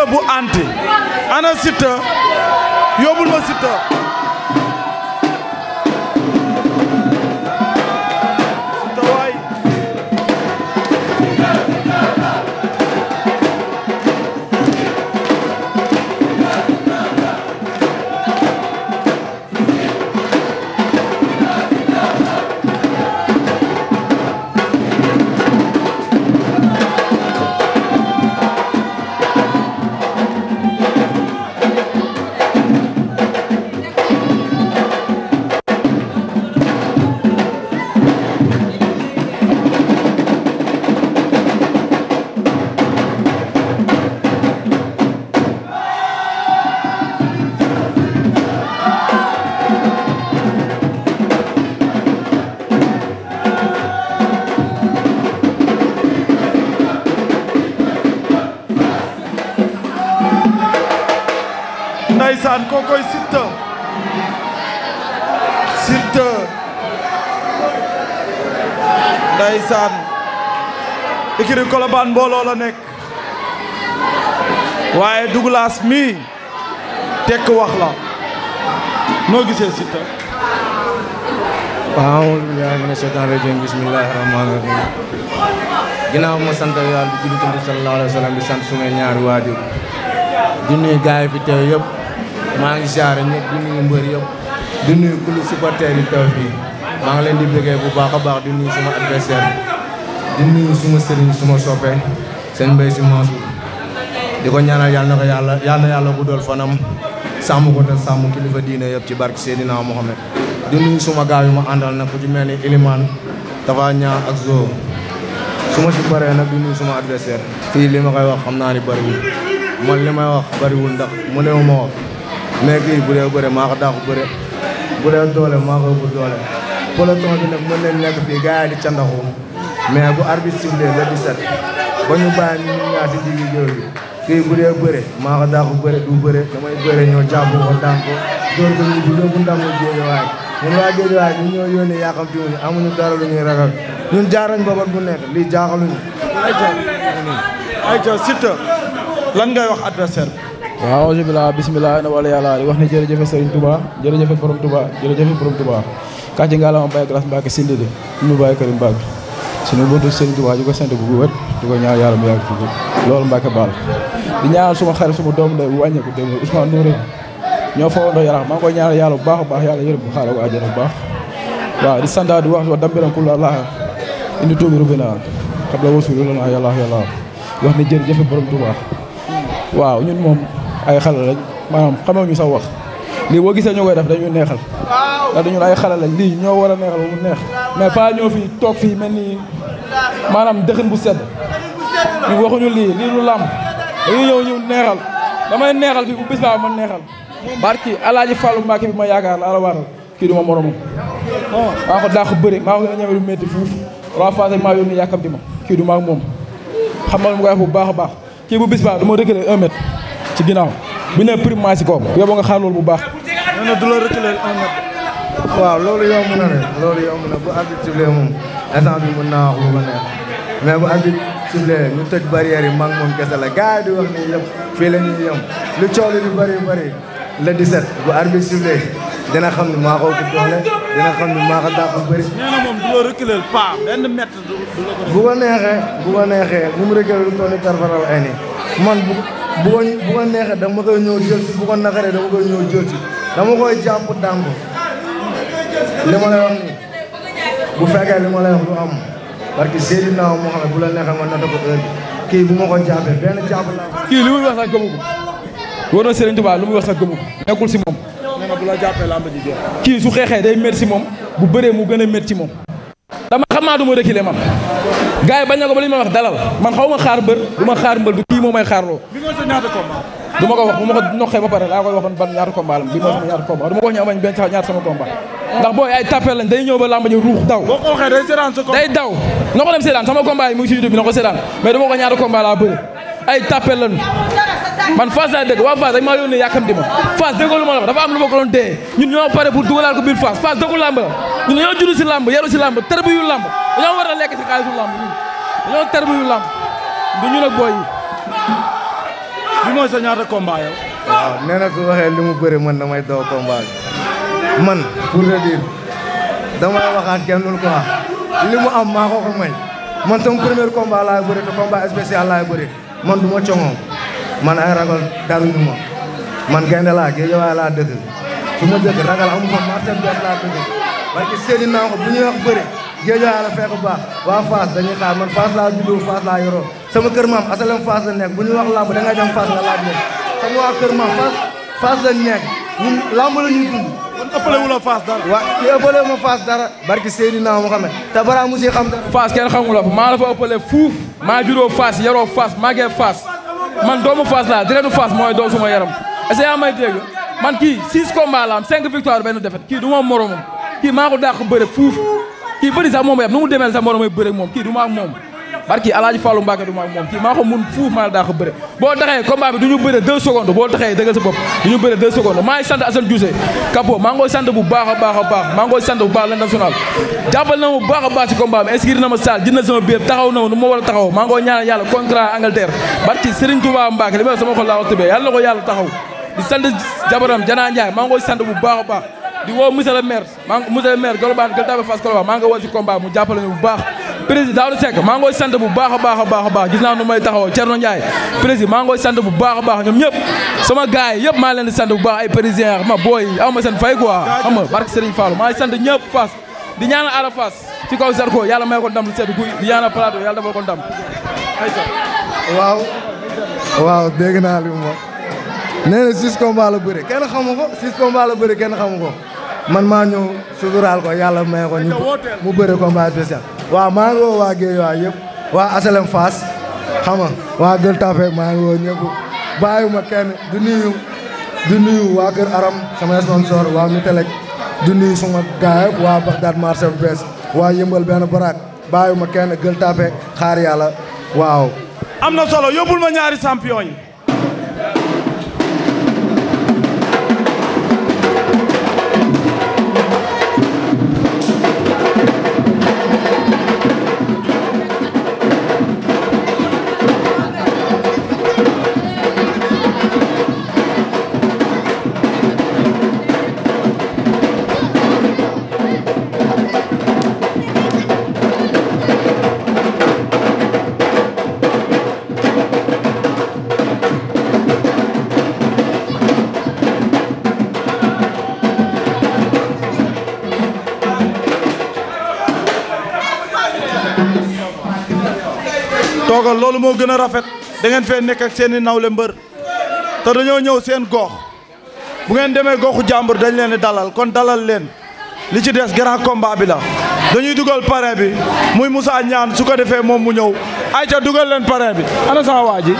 A: Siteu bu anti ana Siteu yóbbul ma Siteu écurie Colobane mbooloo la nekk waaye Douglas mii tekk wax la noo gisee Siteu waaw aawul billahi mina shaytaan rajim bismillahi rahmaani ginnaaw ma sant yàlla di julli tudd sallallahu wa sallam di sant sumay ñaari waajur di nuyu gaay fi teew yëpp maa ngi jaare ñëpp di nuyu mbër yëpp di nuyu kulu supporter yi teew fii maa ngi leen di bëggee bu baax a baax di suma sama adversaire di nuyu suma sëriñ suma sope seen mbéy si Mansour di ko ñaanal yàlla na ko yàlla yàlla na yàlla guddal fanam sàmm ko te sàmm kilifa diine yëpp ci barke Seydina Mohamed di suma gaaw yu ma àndal nag ku mel ni Iliman dafa ñaa ak Zo su si bëree nag di nuyu suma adversaire fii li ma koy wax xam naa ni bëriwul man li may wax bëriwul ndax mu néew ma wax mais kii bu dee bëre maa ko daaku bëre bu doole maa ko bu doole peloton bi nag mën nañ nekk fii gars candaxu mais bu arbitre sifflé le 17 ba ñu bàyyi ñu ñaar si
C: diggi géew bi kii bu dee bëre maa ko daa bëre du bëre damay bëre ñoo jàpp ko daan ko door ko ñu dóor bu ndamu Géejawaay ñun waa Géejawaay ñun amuñu dara lu ñuy ragal ñun jaarañ babat bu nekk lii jaaxaluñu ayca ayca
A: lan ngay wax adversaire waaw auzu bilaa na wala yàlla wax ne jërëjëfe Serigne Touba jërëjëfe borom Touba jërëjëfe borom Touba kax ji nga la ma bàyyi glace Mbacke sindi ñu bàyyi suñu buntu Serigne Touba di ko sant bu wér di ko ñaan yàlla mu yàgg fi loolu Mbacke Baal di ñaanal suma xarit suma doom day wàññeeku dégg nga Ousmane Nouré ñoo fa woon yarax maa ngi koy ñaanal yàlla bu baax a baax yàlla yërëm bu xaaral ko àjjana bu baax waaw di santaat di wax wa dambiram ku la laa indi tuubi rubina xam la wasul la naa yàlla yàlla wax ne jërëjëf borom Touba waaw ñun moom ay xale lañ maanaam xamewuñu sax wax lii boo gisee ñoo koy def dañuy neexal ndax dañu ay xale lañ lii ñoo war a neexal mu neex mais pas ñoo fi toog fii mel ni maanaam dëxin bu sedd ñu waxuñu lii lii lu
H: làmb dañuy ñëw ñu neexal damay neexal fii bu bis baa ma neexal barki alaaj Fallou Mbacke bi ma yaakaar la ala waral kii du ma moromam maa ko dàq bëri maa ko gën a ñeme lu
A: métti fuuf waa Fass ak maa yónni yàkkam di ma kii du maag moom xamal mu koy bu baax a baax kii bu bis baa du ma reculer un mètre ci ginnaaw bi ne prime maa si kaw yow nga xaar loolu bu baax
C: waaw loolu yomb na de loolu yomb na bu arbitre sifflé moom instant bi mën naa wax neex mais bu arbitre sifflé ñu tëj barrière yi mag moom kese la gars yi di wax ni yëpp fii la ñuy yem lu coow li di bëri bari le 17 bu arbitre sifflé dina xam ne maa ko ëpp doole dina xam ne maa ko dàq bu bëri. nee na moom du la reculer
A: neexee bu ko
C: neexee bu mu reculer du toll nii ay nii man bu bu ko bu ko neexee dama koy ñëw jël si bu ko naqaree dama koy ñëw jël dama koy jàpp dàmb. li ma lay wax ni bu fekkee
A: li ma lay wax lu am parce que Seydina Mohamed bu la neexee nga natt ko heure kii bu ma ko jàppee benn jàpp laa. kii li muy wax sax gëmu ko. wóor na lu muy wax sa gëmu ko. nekkul si moom. nee na la jàppee làmb kii su xeexee day métti si moom bu bëree mu gën a métti moom. dama xam naa du ma reculer man. gars yi bañ na ko ba li ma wax dalal man xaw ma xaar mbër du ma xaar mbër du lii moo may xaarloo. bi nga sa ñaata combat. du ma ko wax bu ma ko noqee ba pare laa koy wax ban ñaata combat la bii mooy sama ñaata combat du ma ko wax ñu amañ benn sax ñaata sama combat. ndax booy ay tapé lañ day ñëw ba làmb ji ruux daw. boo ko waxee day seetaan sa combat day daw. na ko dem seetaan sama combat yi mu ngi si YouTube bi na ko seetaan mais du ma ko ñaata combat laa bëri ay tapé lañ man Fass laa dëkk waa Fass dañ maa yónnee yàkkamti ma Fass déggoo lu ma la wax dafa am lu ma ko doon dee ñun ñoo pare pour dugalaat ko biir Fass Fass dëkku làmb la ñun dañoo judd si làmb yaru si làmb tërbiyu làmb dañoo war a lekk si xaalisu làmb ñun dañoo tërbiyu làmb du ñu nag booy yi bi mooy sa ñaata combat yow.
C: waaw nee li mu bëri mën na daw combat bi man pour te dire damay waxaat kenn dul li mu am maa ko ko may man sama premier combat laay bëri te combat spécial laay bëri man du ma coŋoom ay ragal daluñu ma man gaynde laa géejawaay laa dëkk su ma ragal amu fa marché bi laa dëkk parce que seeni naa ko bu ñuy géejawaay
A: la fekk baax waa Fass dañuy xaar man Fass laa juddoo Fass laa yoroo sama kër maam asalem Fass la nekk bu ñu wax làmb da ngay dem Fass la nekk ñun làmb la ñuy la Fass dara waaw ki ëppale ma Fass dara barki Seydina Mohamed te
H: bara mu si xam dara Fass kenn xamu la fa maa la fa ëppale fuuf maa juddoo Fass yoroo Fass man doomu Fass laa direetu Fass mooy doomu suma yaram est-ce que yaa man kii six
A: combats ma moromam kii maa ko dàq bëre kii bëri sax moom a nu mu demee sax moo may moom kii du ma moom barki alaaji Fallou Mbacke du ma moom kii maa mun fuuf maa la boo taxee combat bi du ñu bëre deux secondes boo taxee dëgg sa bopp du ñu bëre deux secondes maa sant Assane Diouf Kapo maa sant bu baax a baax a baax maa ngi koy sant bu baax la national na ma baax a baax ci combat bi na ma salle jënd na sama taxaw na ma nu ma a taxaw maa ngi koy ñaanal di woo monsieur le maire maa ngi monsieur le maire Golobane Gueule Tapée Fass Colobane maa ngi mu jàppale ñu bu baax président Daouda Seck maa ngi koy sant bu baax a baax a baax a naa nu may taxaw Thierno Ndiaye président maa ngi koy sant bu baax a baax ñoom ñëpp sama gars yi yëpp maa leen di sant bu baax ay président xam nga booy aw ma seen fay quoi xam nga barke Serigne ma maa ngi sant ñëpp Fass di ñaanal Ada Fass ci kaw Zarko yàlla may ko ndam lu di ñaanal plateau yàlla defal
C: nee na six combats la bëri kenn xamu ko six combats la bëri kenn xamu ko man maa ñëw suturaal ko yàlla may ko ñu mu bëri combat spécial. waaw maa ngi woo waa Guédiawaye yëpp waa Asalem Fass xam waa Gueule Tapée maa ngi woo ñëpp bàyyiwuma kenn du nuyu du nuyu waa Kër Aram sama sponsor waa Mitelec du nuyu sama gaay waa Bagdad marché bu bees waa yëmbal benn baraak bàyyiwuma kenn Gueule Tapée xaar yàlla waaw.
A: am na solo yóbbul ma ñaari champion ko loolu moo gën a rafet dangeen ngeen fee nekk seeni seen nawle mbër te dañoo ñëw seen gox bu ngeen demee goxu jàmbur dañ leen dalal kon dalal leen li ci des grand combat bi dañuy dugal parrain bi muy Moussa ñaan su ko defee moom mu ñëw ayca dugal leen parrain bi ana sama waa ji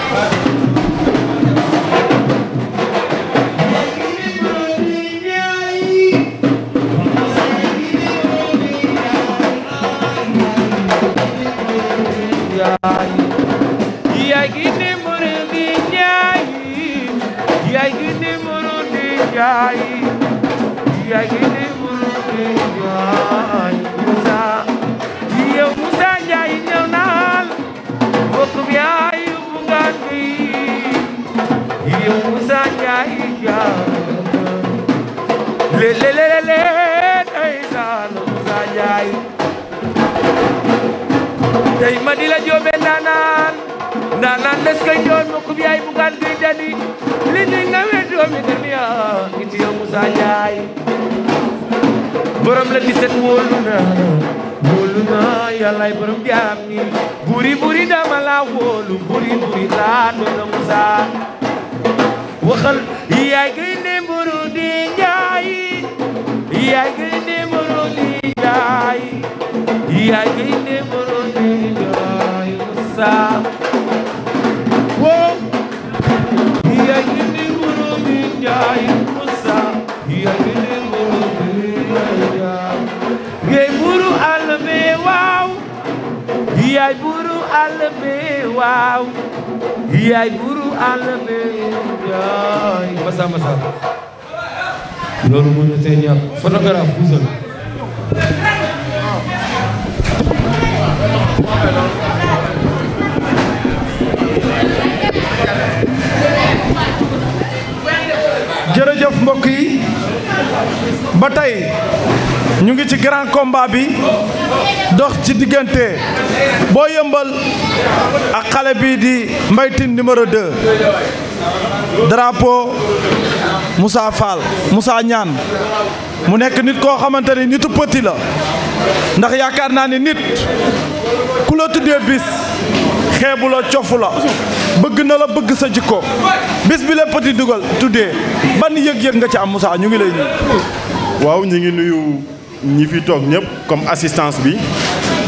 F: tey ma di la jóobe ndaanaan ndaa naan des koy doon mukk bugaan gay dani li ni nga we doomi duniya iti yow Moussa Ndiaye borom la di set na wóolu na yàllaay borom jaam ni buri buri dama la wóolu buri buri laa doon na Moussa yaay gay ne mburu di njaay yaay gay ne mburu di njaay yaay yaay buru àll bi waaw yaay buru àll bi yaay masa masa loolu mënu tee ñàkk photographe
A: mbokk yi ba tey ñu ngi ci grand combat bi dox ci diggante boo yëmbal ak xale bii di Mbaye Tine numéro 2 drapeau Moussa Fall Moussa ñaan mu nekk nit koo xamante ni nitu petit la ndax yaakaar naa ni nit ku la tuddee bis xeebu la cofu la bëgg na la bëgg sa jikko bis bi la di dugal tuddee ban yëg-yëg nga ci am Moussa ñu ngi lay
I: nuyu. waaw ñu ngi nuyu ñi fi toog ñëpp comme assistance bi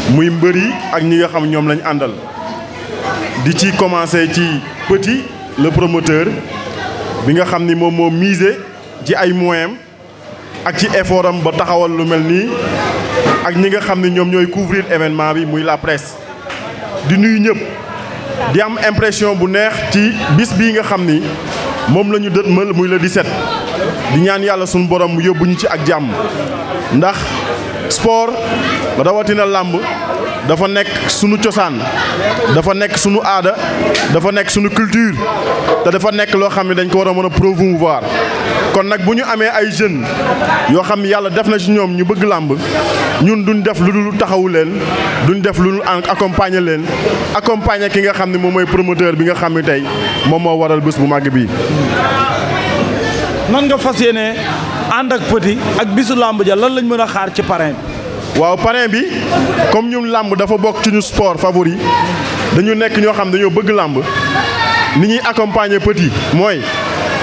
I: muy mbër ak ñi nga xam ñoom lañu àndal di ci commencé ci petit le promoteur bi nga xam ni moom moo misé ci ay moyens ak ci effort ba taxawal lu mel nii ak ñi nga xam ne ñoom ñooy couvrir événement bi muy la presse di nuyu ñëpp di am impression bu neex ci bis bi nga xam ni moom la ñu dëtmal muy la di 17 di ñaan yàlla suñu borom yóbbu ñu ci ak jàmm ndax sport rawatina làmb dafa nekk sunu cosaan dafa nekk sunu aada dafa nekk sunu culture te dafa nekk loo xam ne dañ ko war a mën a promouvoir kon nag bu ñu amee ay jeunes yoo xam yàlla def na ci ñoom ñu bëgg làmb ñun duñ def lu dul taxawu leen duñ def lu dul accompagner leen accompagner ki nga xam ni moom mooy promoteur bi nga xam ne tey moom moo waral bés bu màgg bii.
A: nan nga fas yéene ànd ak Petit ak bisu làmb ja lan lañu mën a xaar ci parrain waaw parrain bi comme ñu
I: làmb dafa bokk ci ñu sport favori dañu nekk ñoo xam dañoo bëgg làmb ni ñuy accompagner yi mooy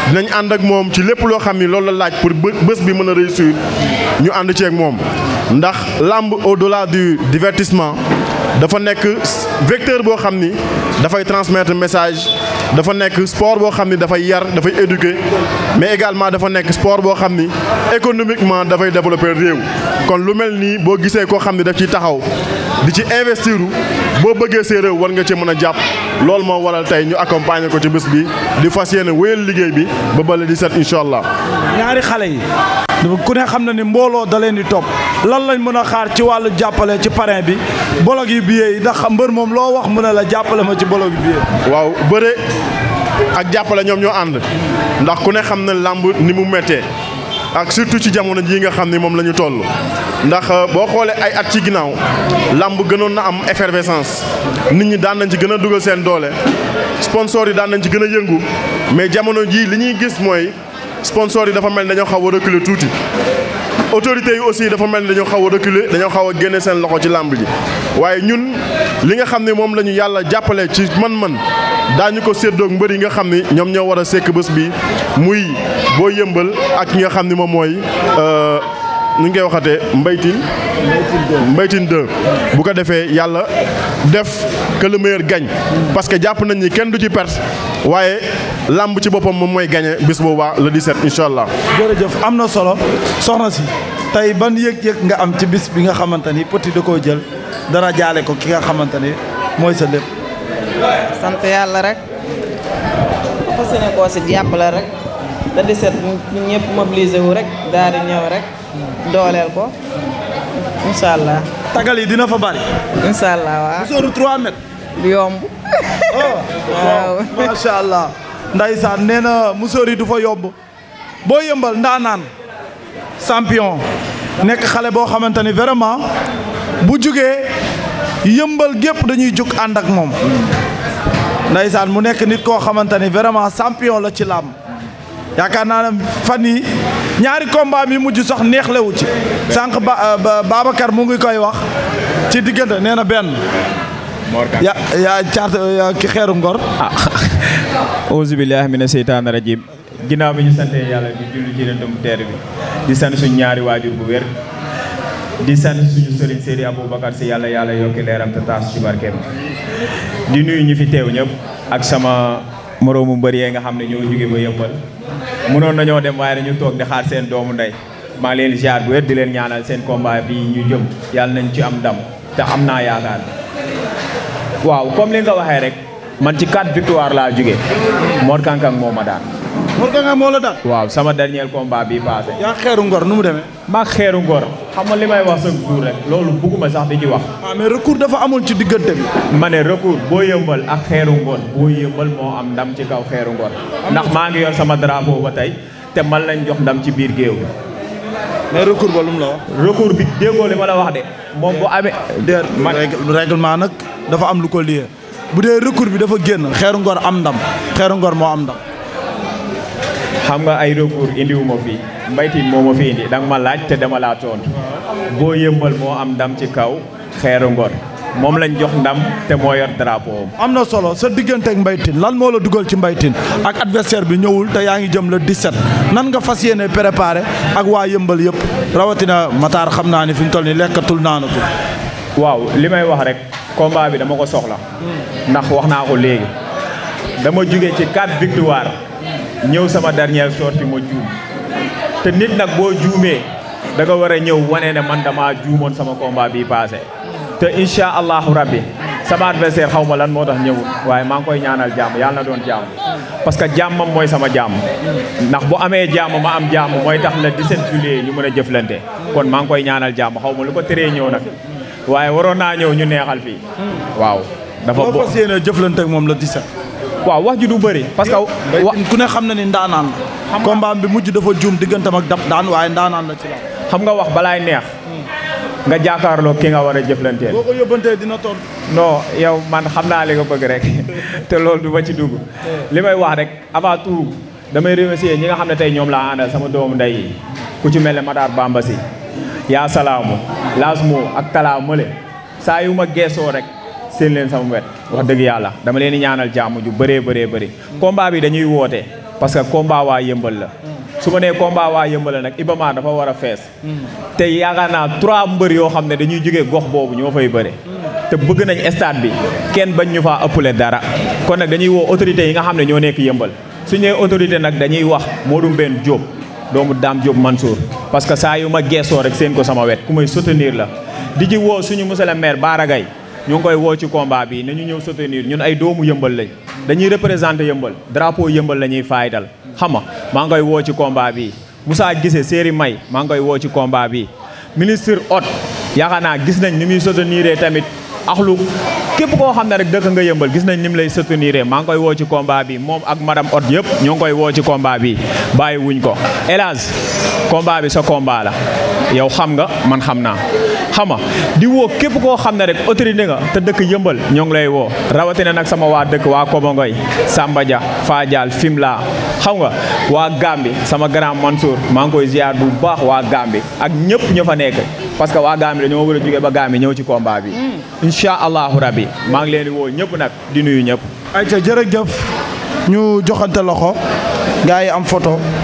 I: dinañ ànd ak moom ci lépp loo xam ni loolu la laaj pour bës bi mën a réussir ñu ànd ci ak moom ndax làmb au-delà du divertissement dafa nekk vecteur boo xam ni dafay transmettre message dafa nekk sport boo xam ni dafay yar dafay éduquer mais également dafa nekk sport boo xam ni économiquement dafay développer réew kon lu mel nii boo gisee koo xam ni daf ciy taxaw di ci investir boo bëggee see réew war nga ci mën a jàpp loolu moo waral tey ñu accompagner ko ci bés bi di fas yéene wéyal liggéey bi ba bale di set incha allah
A: ñaari xale yi ku ne xam na ni mbooloo da leen di topp lan lañ mën a xaar ci wàllu jàppale ci parrain bi bolog yi billets yi ndax mbër moom loo wax mu ne la jàppale ma ci bolog yi waaw bëre
I: ak jàppale ñoom ñoo ànd ndax ku ne xam na làmb ni mu méttee ak surtout ci jamono jii nga xam ni moom la ñu toll ndax euh, boo xoolee ay at ci ginnaaw làmb gënoon na am effervescence nit ñi daan nañ ci gën a dugal seen doole sponsor yi daan nañ ci gën a yëngu mais jamono jii li ñuy gis mooy. sponsor yi dafa mel na dañoo xaw a reculer tuuti autorités yi aussi dafa mel ni dañoo xaw a reculer dañoo xaw a génne seen loxo ci làmb ji waaye ñun li nga xam ne moom la ñu yàlla jàppale ci man-man daa ñu ko séddoog mbër yi nga xam ni ñoom ñoo war a sekk bés bi muy boo yëmbal ak ñi nga xam ni moom mooy euh, ñu ngi koy waxatee mbaytin mbaytin 2 bu ko defee yàlla def que le meilleur parce que jàpp nañ kenn du ci perte waaye làmb ci boppam moom mooy gagné bis boobaa le 17 incha allah. jërëjëf am na solo
A: soxna si tey ban yëg-yëg nga am ci bis bi nga xamante ni Petit da koo jël dara jaale ko ki nga xamante ni mooy sa lépp. sant yàlla rek. fas yéene koo si jàppale rek. le 17 ñu ñëpp mobilisé rek daal di ñëw rek. dooleel ko. incha allah. tagal yi dina fa bari. incha allah waaw. bu sóoru 3 mètres. du yomb. Oh, waaw macha ndaysaan nee na musóor yi du fa yomb boo yëmbal naan champion nekk xale boo xamante ni vraiment bu jógee yëmbal gépp dañuy jóg ànd ak moom ndaysaan mu nekk nit koo xamante ni vraiment champion la ci làmb yaakaar naa ne fan yi ñaari combat mi mujj sax neexlewu ci sànq ba euh, Babacar mu ngi koy wax ci diggante nee na benn yaa yaa caat euh, ki xeeru ngor ah.
G: auzu billahi mina seytaani rajim ginnaaw bi ñu santee yàlla di julli ci rendum teer bi di sant suñu ñaari waajur bu wér di sant suñu sëriñ Seydi Aboubacar si yàlla yàlla yokki leeram te taas ci barkeem di nuyu ñu fi teew ñëpp ak sama moroomu mbër yee nga xam ne ñoo jóge ba yëmbal mënoon nañoo dem waaye dañu toog di xaar seen doomu ndey maa leen ziar bu wér di leen ñaanal seen combat bi ñu jëm yàlla nañ ci am ndam te am naa yaakaar waaw man ci quatre victoire laa jóge Mor Kankang moo ma daan. Mor Kankang moo la daan. waaw sama dernier combat bi passé. yaa xeeru ngor nu mu demee. maa xeeru ngor. xam nga li may wax sax duur rek loolu bugguma sax di ci wax. ah dafa amul ci diggante bi. ma ne boo yëmbal ak xeeru ngor boo yëmbal moo am ndam ci kaw xeeru ngor. ndax maa ngi yor sama drapeau ba tey te man lañ jox ndam ci biir géew bi. mais recours ba lu mu la wax. recours bi déggoo li ma la
A: wax nag dafa am lu ko lié. bu dee recours bi dafa génn xeeru ngor am ndam
G: xeeru ngor moo am ndam. xam nga ay recours indiwu ma fi mbaytin moo ma fi indi danga ma laaj te dama laa boo yëmbal moo am ndam ci kaw xeeru ngor moom lañ jox ndam te moo yor drapeau am na solo sa
A: digganteek ak mbaytin lan moo la dugal ci mbaytin ak adversaire bi ñëwul te yaa ngi jëm le 17 nan nga fas yéene préparé ak waa
G: yëmbal yëpp rawatina Matar xam naa ni fi mu toll nii lekkatul naanatul. waaw li may wax rek. combat bi dama ko soxla. ndax wax naa ko léegi. dama jóge ci quatre victoire. ñëw sama dernière sortie ma juum. te nit nag boo juumee da war a ñëw wane ne man dama juumoon sama combat bi passé. te incha allahu rabbi sama adversaire xaw ma lan moo tax ñëwul waaye maa ngi koy ñaanal jàmm yàlla na doon jàmm parce que jàmmam mooy sama jàmm ndax bu amee jàmm ma am jàmm mooy tax di 17 juillet ñu mën a jëflante kon maa ngi koy ñaanal jàmm xaw ma lu ko teree ñëw nag. waaye waroon naa ñëw ñu neexal fii. waaw dafa boo fas
A: yéene jëflante moom la 17. waaw wax ji du bëri parce que. wa ku ne xam na ni ndaanaan la. xam mbaam bi mujj dafa juum diggantam ak dab daan waaye
G: ndaanaan la ci la. xam nga wax balaay neex. nga jàkkaarloo ki nga war a jëflanteel. boo ko dina toll. non yow man xam naa li nga bëgg rek te loolu du ma ci dugg. li may wax rek avant tout damay remercier ñi nga xam ne tey ñoom laa àndal sama doomu ndey ku ci mel ne Matar Bamba si yaa salaamu laasmoo ak talaa mële saa yu ma geesoo rek seen leen sama wet wax dëgg yàlla dama leen di ñaanal jàmm ju bëree bëree bëri combat bi dañuy woote parce que combat waa yëmbal la su ma nee combat waa yëmbal la nag Ibama dafa war a fees te yaakaar naa trois mbër yoo xam ne dañuy jógee gox boobu ñoo fay bëre te bëgg nañ stade bi kenn bañ ñu fa ëppale dara kon nag dañuy woo autorité yi nga xam ne ñoo nekk yëmbal suñu nee autorité nag dañuy wax Modou Mbène Diop doomu Dame Diop Mansour parce que saa yu ma geesoo rek seen ko sama wet ku may soutenir la di ji woo suñu monsieur le maire Bara Gaye ngi koy woo ci combat bi nañu ñëw soutenir ñun ay doomu yëmbal lañ dañuy représenté yëmbal drapeau yëmbal la ñuy faydal xam nga maa ngi koy woo ci combat bi Moussa Guissé Séri May maa ngi koy woo ci combat bi ministre Hott yaakaar naa gis nañ ni muy soutenir tamit axlu képp koo xam ne rek dëkk nga yëmbal gis nañ nim lay soutenir maa ngi koy woo ci combat bi moom ak madame ot yëpp ñoo ngi koy woo ci combat bi bàyyi wuñ ko hélas combat bi sa combat la yow xam nga man xam naa xama di woo képp koo xam ne rek autorité nga te dëkk yëmbal ñoo ngi lay woo rawatina nag sama waa dëkk waa Kobangoy Samba Dia Fadial Fimela xam nga waa Gambi sama grand Mansour maa ngi koy ziar bu baax waa Gambi ak ñëpp ña fa nekk parce que waa Gambi dañoo war a jugee ba Gambi ñëw ci combat bi mm. incha allahu rabi maa ngi leen di woo ñëpp nag di nuyu ñëpp. ayca jërëjëf
A: ñu joxante loxo gars yi am photo.